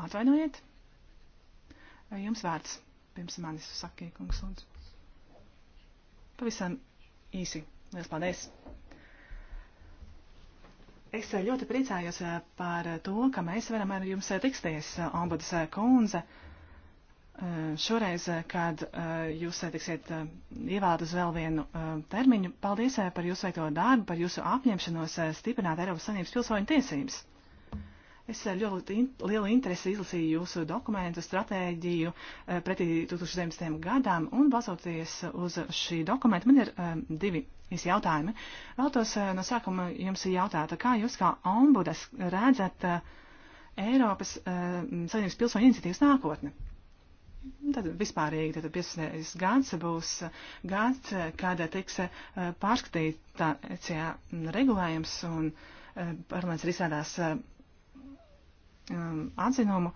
Atvainojiet. Eh, jums vārds. Pirms manis sakīja kungs lūdzu. Pavisam īsi. Lielas paldies. Es eh, ļoti priecājos eh, par eh, to, ka mēs varam ar jums tiksties, ombuds kundze, šoreiz, kad jūs tiksiet ievēlēt uz vēl vienu termiņu. Paldies par jūsu veikto darbu, par jūsu apņemšanos stiprināt Eiropas Savienības pilsoņu tiesības. Es ar ļoti in lielu interesi izlasīju jūsu dokumentu stratēģiju eh, pretī 2017. gadām, un bazoties uz šī dokumenta, man ir um, divi īsi jautājumi. Vēltos uh, eh, no sākuma jums jautāt, kā jūs kā ombudas redzat uh, Eiropas uh, Savienības pilsoņu iniciatīvas nākotni? Tad vispārīgi tad 15. gads būs gads, kad tiks pārskatīta regulējums un parlaments arī strādās um, atzinumu,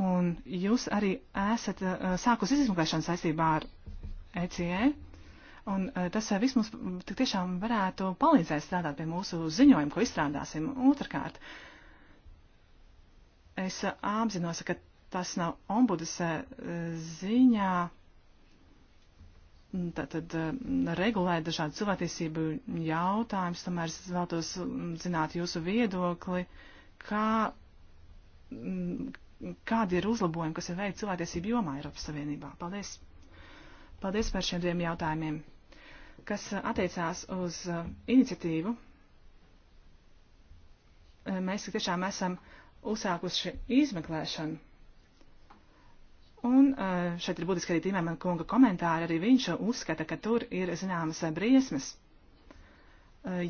un jūs arī esat uh, sākus izmeklēšanu saistībā ar ECE, e, un uh, tas uh, viss mums tik tiešām varētu palīdzēt strādāt pie mūsu ziņojumu, ko izstrādāsim. Otrakārt, es uh, apzinos, ka tas nav ombudas uh, ziņā. Mm, Tātad uh, regulēt dažādu cilvēktiesību jautājumus, tomēr es vēltos mm, zināt jūsu viedokli, kā Mm, kādi ir uzlabojumi, kas ir veikti cilvēktiesību jomā Eiropas Savienībā. Paldies! Paldies par šiem diviem jautājumiem, kas eh, attiecās uz eh, iniciatīvu. Eh, mēs tiešām esam uzsākuši izmeklēšanu. Un šeit ir būtiski arī Timēman kunga komentāri, arī viņš uzskata, ka tur ir zināmas briesmas,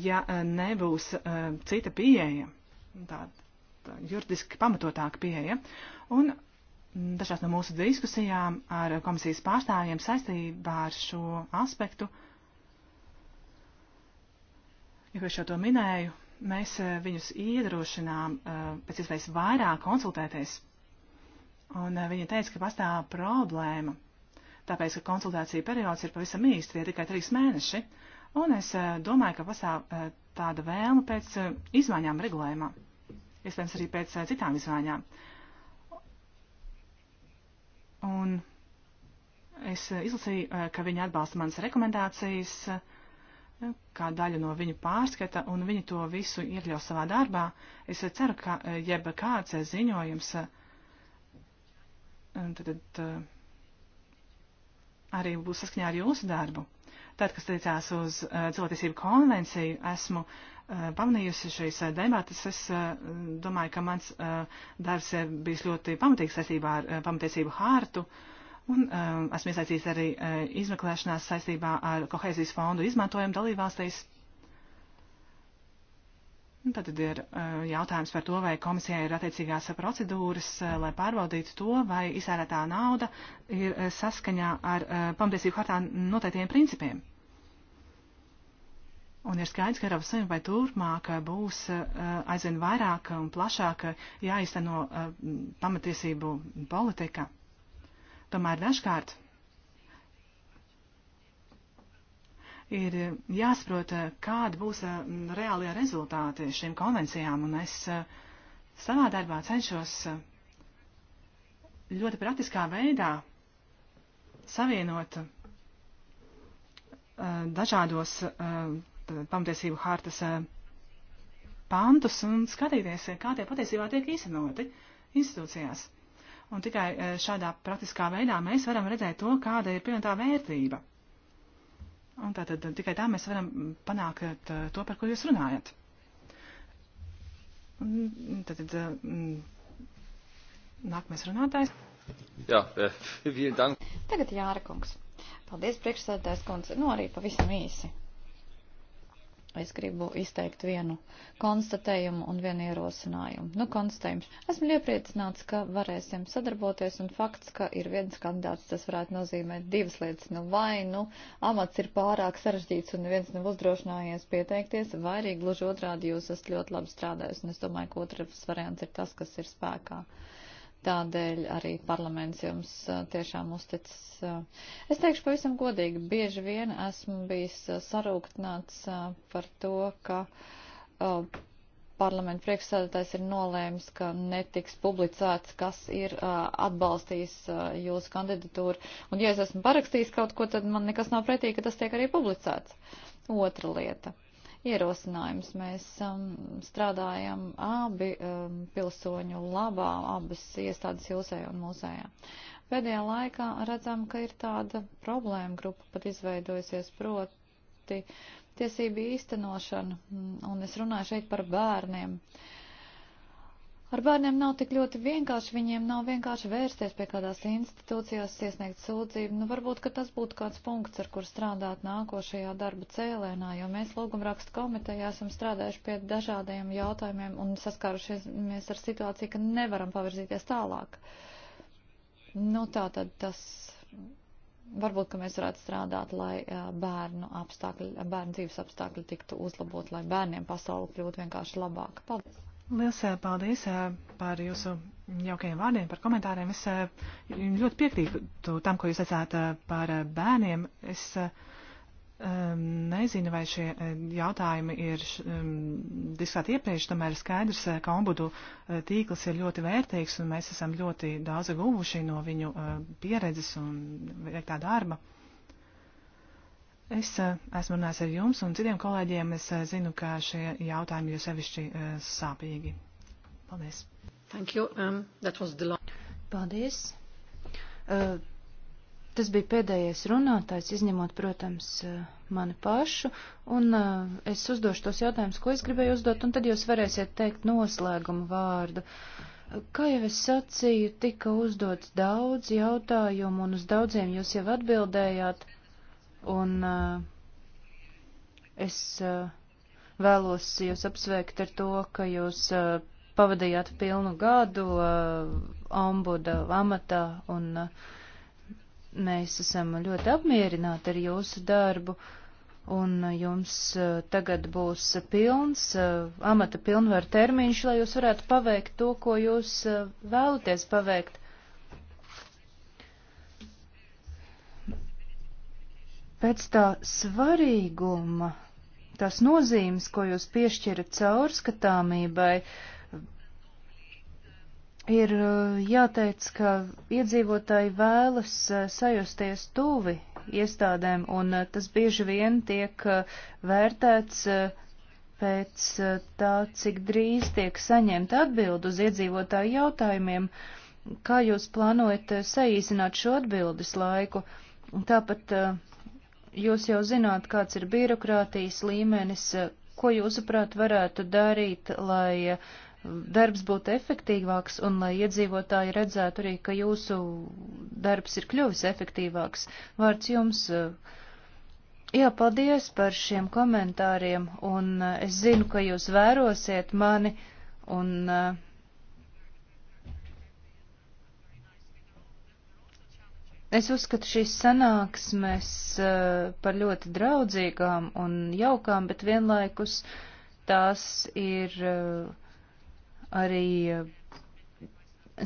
ja nebūs cita pieeja. Tāda juridiski pamatotāka pieeja. Un dažās no mūsu diskusijām ar komisijas pārstāvjiem saistībā ar šo aspektu, jo es jau to minēju, mēs eh, viņus iedrošinām eh, pēc iespējas vairāk konsultēties. Un eh, viņi teica, ka pastāv problēma, tāpēc, ka konsultācija periods ir pavisam īsti, tie tikai trīs mēneši. Un es domāju, ka pastāv tāda vēlme pēc izmaiņām regulējumā iespējams arī pēc eh, citām izmaiņām. Un es eh, izlasīju, eh, ka viņi atbalsta manas rekomendācijas kā daļu no viņu pārskata, un viņi to visu iekļaus savā darbā. Es ceru, ka jeb kāds ziņojums tad, tad, arī būs saskaņā ar jūsu darbu. Tad, kas tiecās uz uh, cilvēktiesību konvenciju, esmu uh, pamanījusi šīs uh, debatas. Es uh, domāju, ka mans uh, darbs ir uh, bijis ļoti pamatīgs saistībā ar uh, pamatiesību hārtu. Un um, esmu iesaistīts arī uh, izmeklēšanās saistībā ar kohēzijas fondu izmantojumu dalībvalstīs. Tātad nu, ir eh, jautājums par to, vai komisijai ir attiecīgās procedūras, eh, lai pārbaudītu to, vai izsērētā nauda ir eh, saskaņā ar pamatiesību hartā noteiktiem principiem. Un ir skaidrs, ka Eiropas Savienībai turpmāk būs aizvien vairāk un plašāk jāizteno pamatiesību politika. Tomēr dažkārt ir eh, jāsaprot, eh, kāda būs eh, reālie rezultāti šīm konvencijām, un es savā darbā cenšos ļoti praktiskā veidā savienot dažādos pamatiesību hārtas pantus un skatīties, kā tie patiesībā tiek īstenoti institūcijās. Un tikai šādā praktiskā veidā mēs varam redzēt to, kāda ir pievienotā vērtība Un tātad tikai tā mēs varam panākt eh, to, par ko jūs runājat. Un tātad eh, mm, nākamais runātājs. Jā, eh, vielen dank. Tagad Jāra kungs. Paldies, priekšsēdētājs kundze. Nu, arī pavisam īsi. Es gribu izteikt vienu konstatējumu un vienu ierosinājumu. Nu, konstatējums. Esmu iepriecināts, ka varēsim sadarboties, un fakts, ka ir viens kandidāts, tas varētu nozīmēt divas lietas. Nu, vai, nu, amats ir pārāk sarežģīts un neviens nav uzdrošinājies pieteikties, vai arī gluži otrādi jūs esat ļoti labi strādājis, un es domāju, ka otrs variants ir tas, kas ir spēkā. Uh, Tādēļ arī parlaments jums tiešām uztic. Es teikšu pavisam godīgi, bieži vien esmu bijis sarūktināts par to, ka parlamenta priekšsēdētājs ir nolēmis, ka netiks publicēts, kas ir atbalstījis jūsu kandidatūru. Un ja es esmu parakstījis kaut ko, tad man nekas nav pretī, ka tas tiek arī publicēts. Otra lieta ierosinājums. Mēs um, strādājam abi um, pilsoņu labā, abas iestādes jūsējā un mūsējā. Pēdējā laikā redzam, ka ir tāda problēma grupa pat izveidojusies proti tiesību īstenošana, mm, un es runāju šeit par bērniem. Uh, Ar bērniem nav tik ļoti vienkārši, viņiem nav vienkārši vērsties pie kādās institūcijās, iesniegt sūdzību. Nu, varbūt, ka tas būtu kāds punkts, ar kur strādāt nākošajā darba cēlēnā, jo mēs lūgumrakstu komitejā esam strādājuši pie dažādiem jautājumiem un saskārušies ar situāciju, ka nevaram pavirzīties tālāk. Nu, tā tad tas varbūt, ka mēs varētu strādāt, lai bērnu, apstākļi, bērnu dzīves apstākļi tiktu uzlabot, lai bērniem pasauli kļūtu vienkārši labāka. Paldies! Liels eh, paldies eh, par jūsu jaukajiem vārdiem, par komentāriem. Es eh, ļoti piekrītu tam, ko jūs teicāt par bērniem. Es nezinu, vai šie jautājumi ir diskutēti iepriekš, tomēr skaidrs, ka ombudu tīkls ir ļoti vērtīgs un mēs esam ļoti daudz guvuši no viņu pieredzes un veiktā darba. Uh, Es eh, esmu runājis ar jums un citiem kolēģiem. Es eh, zinu, ka šie jautājumi jūs sevišķi eh, sāpīgi. Paldies. Thank you. Um, that was the last. Paldies. Uh, tas bija pēdējais runātājs, izņemot, protams, mani pašu. Un uh, es uzdošu tos jautājumus, ko es gribēju uzdot, un tad jūs varēsiet teikt noslēgumu vārdu. Kā jau es sacīju, tika uzdots daudz jautājumu, un uz daudziem jūs jau atbildējāt. Un eh, es eh, vēlos jūs apsveikt ar to, ka jūs eh, pavadījāt pilnu gadu ombuda amatā un mēs esam ļoti apmierināti ar jūsu darbu un jums tagad būs pilns amata pilnvaru termiņš, lai jūs varētu paveikt to, ko jūs vēlaties paveikt. Pēc tā svarīguma, tās nozīmes, ko jūs piešķirat caurskatāmībai, ir eh, jāteic, ka iedzīvotāji vēlas eh, sajusties tuvi iestādēm, un eh, tas bieži vien tiek vērtēts pēc tā, cik drīz tiek saņemta atbildu uz iedzīvotāju jautājumiem, kā jūs plānojat saīsināt šo atbildes laiku. Tāpat uh, Jūs jau zināt, kāds ir birokrātijas līmenis, ko jūsuprāt varētu darīt, lai um, darbs būtu efektīvāks un lai iedzīvotāji redzētu arī, ka jūsu darbs ir kļuvis efektīvāks. Vārds jums. Uh, Jā, paldies par šiem komentāriem, un uh, es zinu, ka jūs vērosiet mani, un uh, Es uzskatu šīs sanāksmes eh, par ļoti draudzīgām un jaukām, bet vienlaikus tās ir eh, arī eh,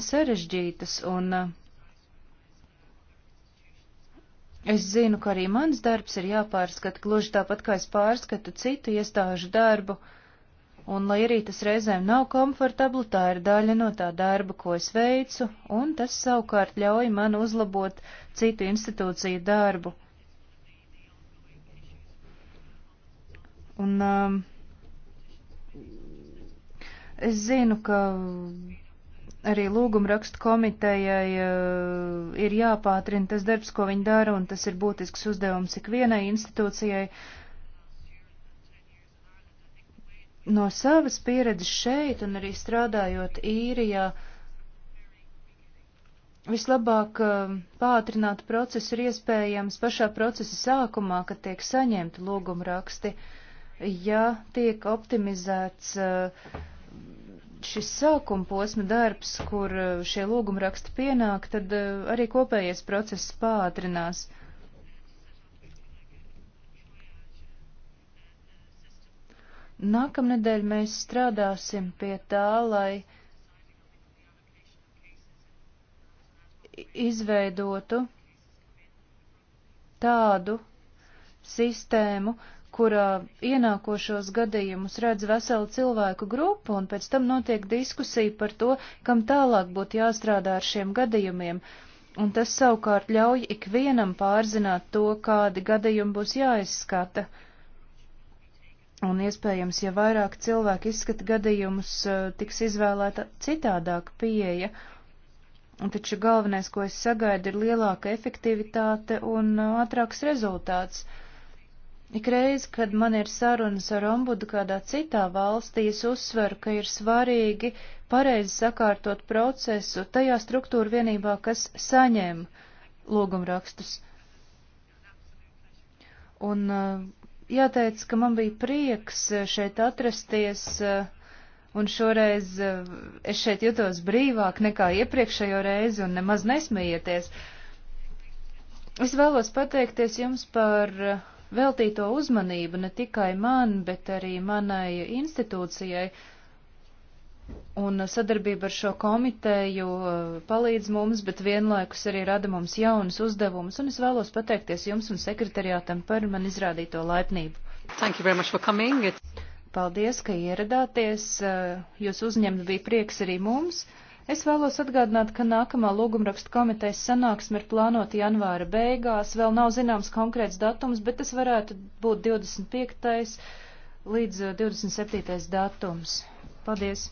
sarežģītas un es zinu, ka arī mans darbs ir jāpārskata gluži tāpat kā es pārskatu citu iestāžu darbu. Uh, Un, lai arī tas reizēm nav komfortabli, tā ir daļa no tā darba, ko es veicu, un tas savukārt ļauj man uzlabot citu institūciju darbu. Un um, es zinu, ka arī lūgumrakstu komitejai uh, ir jāpātrina tas darbs, ko viņi dara, un tas ir būtisks uzdevums ikvienai institūcijai. Uh, no savas pieredzes šeit un arī strādājot īrijā, vislabāk eh, pātrināt procesu ir iespējams pašā procesa sākumā, kad tiek saņemti lūgumraksti, ja tiek optimizēts eh, šis sākuma posma darbs, kur eh, šie lūgumraksti pienāk, tad arī kopējais process pātrinās. Nākamnedēļ mēs strādāsim pie tā, lai izveidotu tādu sistēmu, kurā ienākošos gadījumus redz veselu cilvēku grupu, un pēc tam notiek diskusija par to, kam tālāk būtu jāstrādā ar šiem gadījumiem. Un tas savukārt ļauj ikvienam pārzināt to, kādi gadījumi būs jāizskata. Uh, Un iespējams, ja vairāk cilvēki izskata gadījumus, eh, tiks izvēlēta citādāka pieeja. Un taču galvenais, ko es sagaidu, ir lielāka efektivitāte un eh, ātrāks rezultāts. Ikreiz, kad man ir sarunas ar ombudu kādā citā valstī, es uzsveru, ka ir svarīgi pareizi sakārtot procesu tajā struktūra vienībā, kas saņem lūgumrakstus. Un uh, Jāteic, ka man bija prieks eh, šeit atrasties, eh, un šoreiz eh, es šeit jutos brīvāk nekā iepriekšējo reizi, un nemaz nesmējieties. Es vēlos pateikties jums par veltīto uzmanību ne tikai man, bet arī manai institūcijai. Uh, Un sadarbība ar šo komiteju uh, palīdz mums, bet vienlaikus arī rada mums jaunas uzdevumus, un es vēlos pateikties jums un sekretariātam par man izrādīto laipnību. Thank you very much for coming. It's... Paldies, ka ieradāties. Uh, jūs uzņemt bija prieks arī mums. Es vēlos atgādināt, ka nākamā lūgumrakstu komitejas sanāksme ir plānota janvāra beigās. Vēl nav zināms konkrēts datums, bet tas varētu būt 25. līdz 27. Uh, datums. Paldies!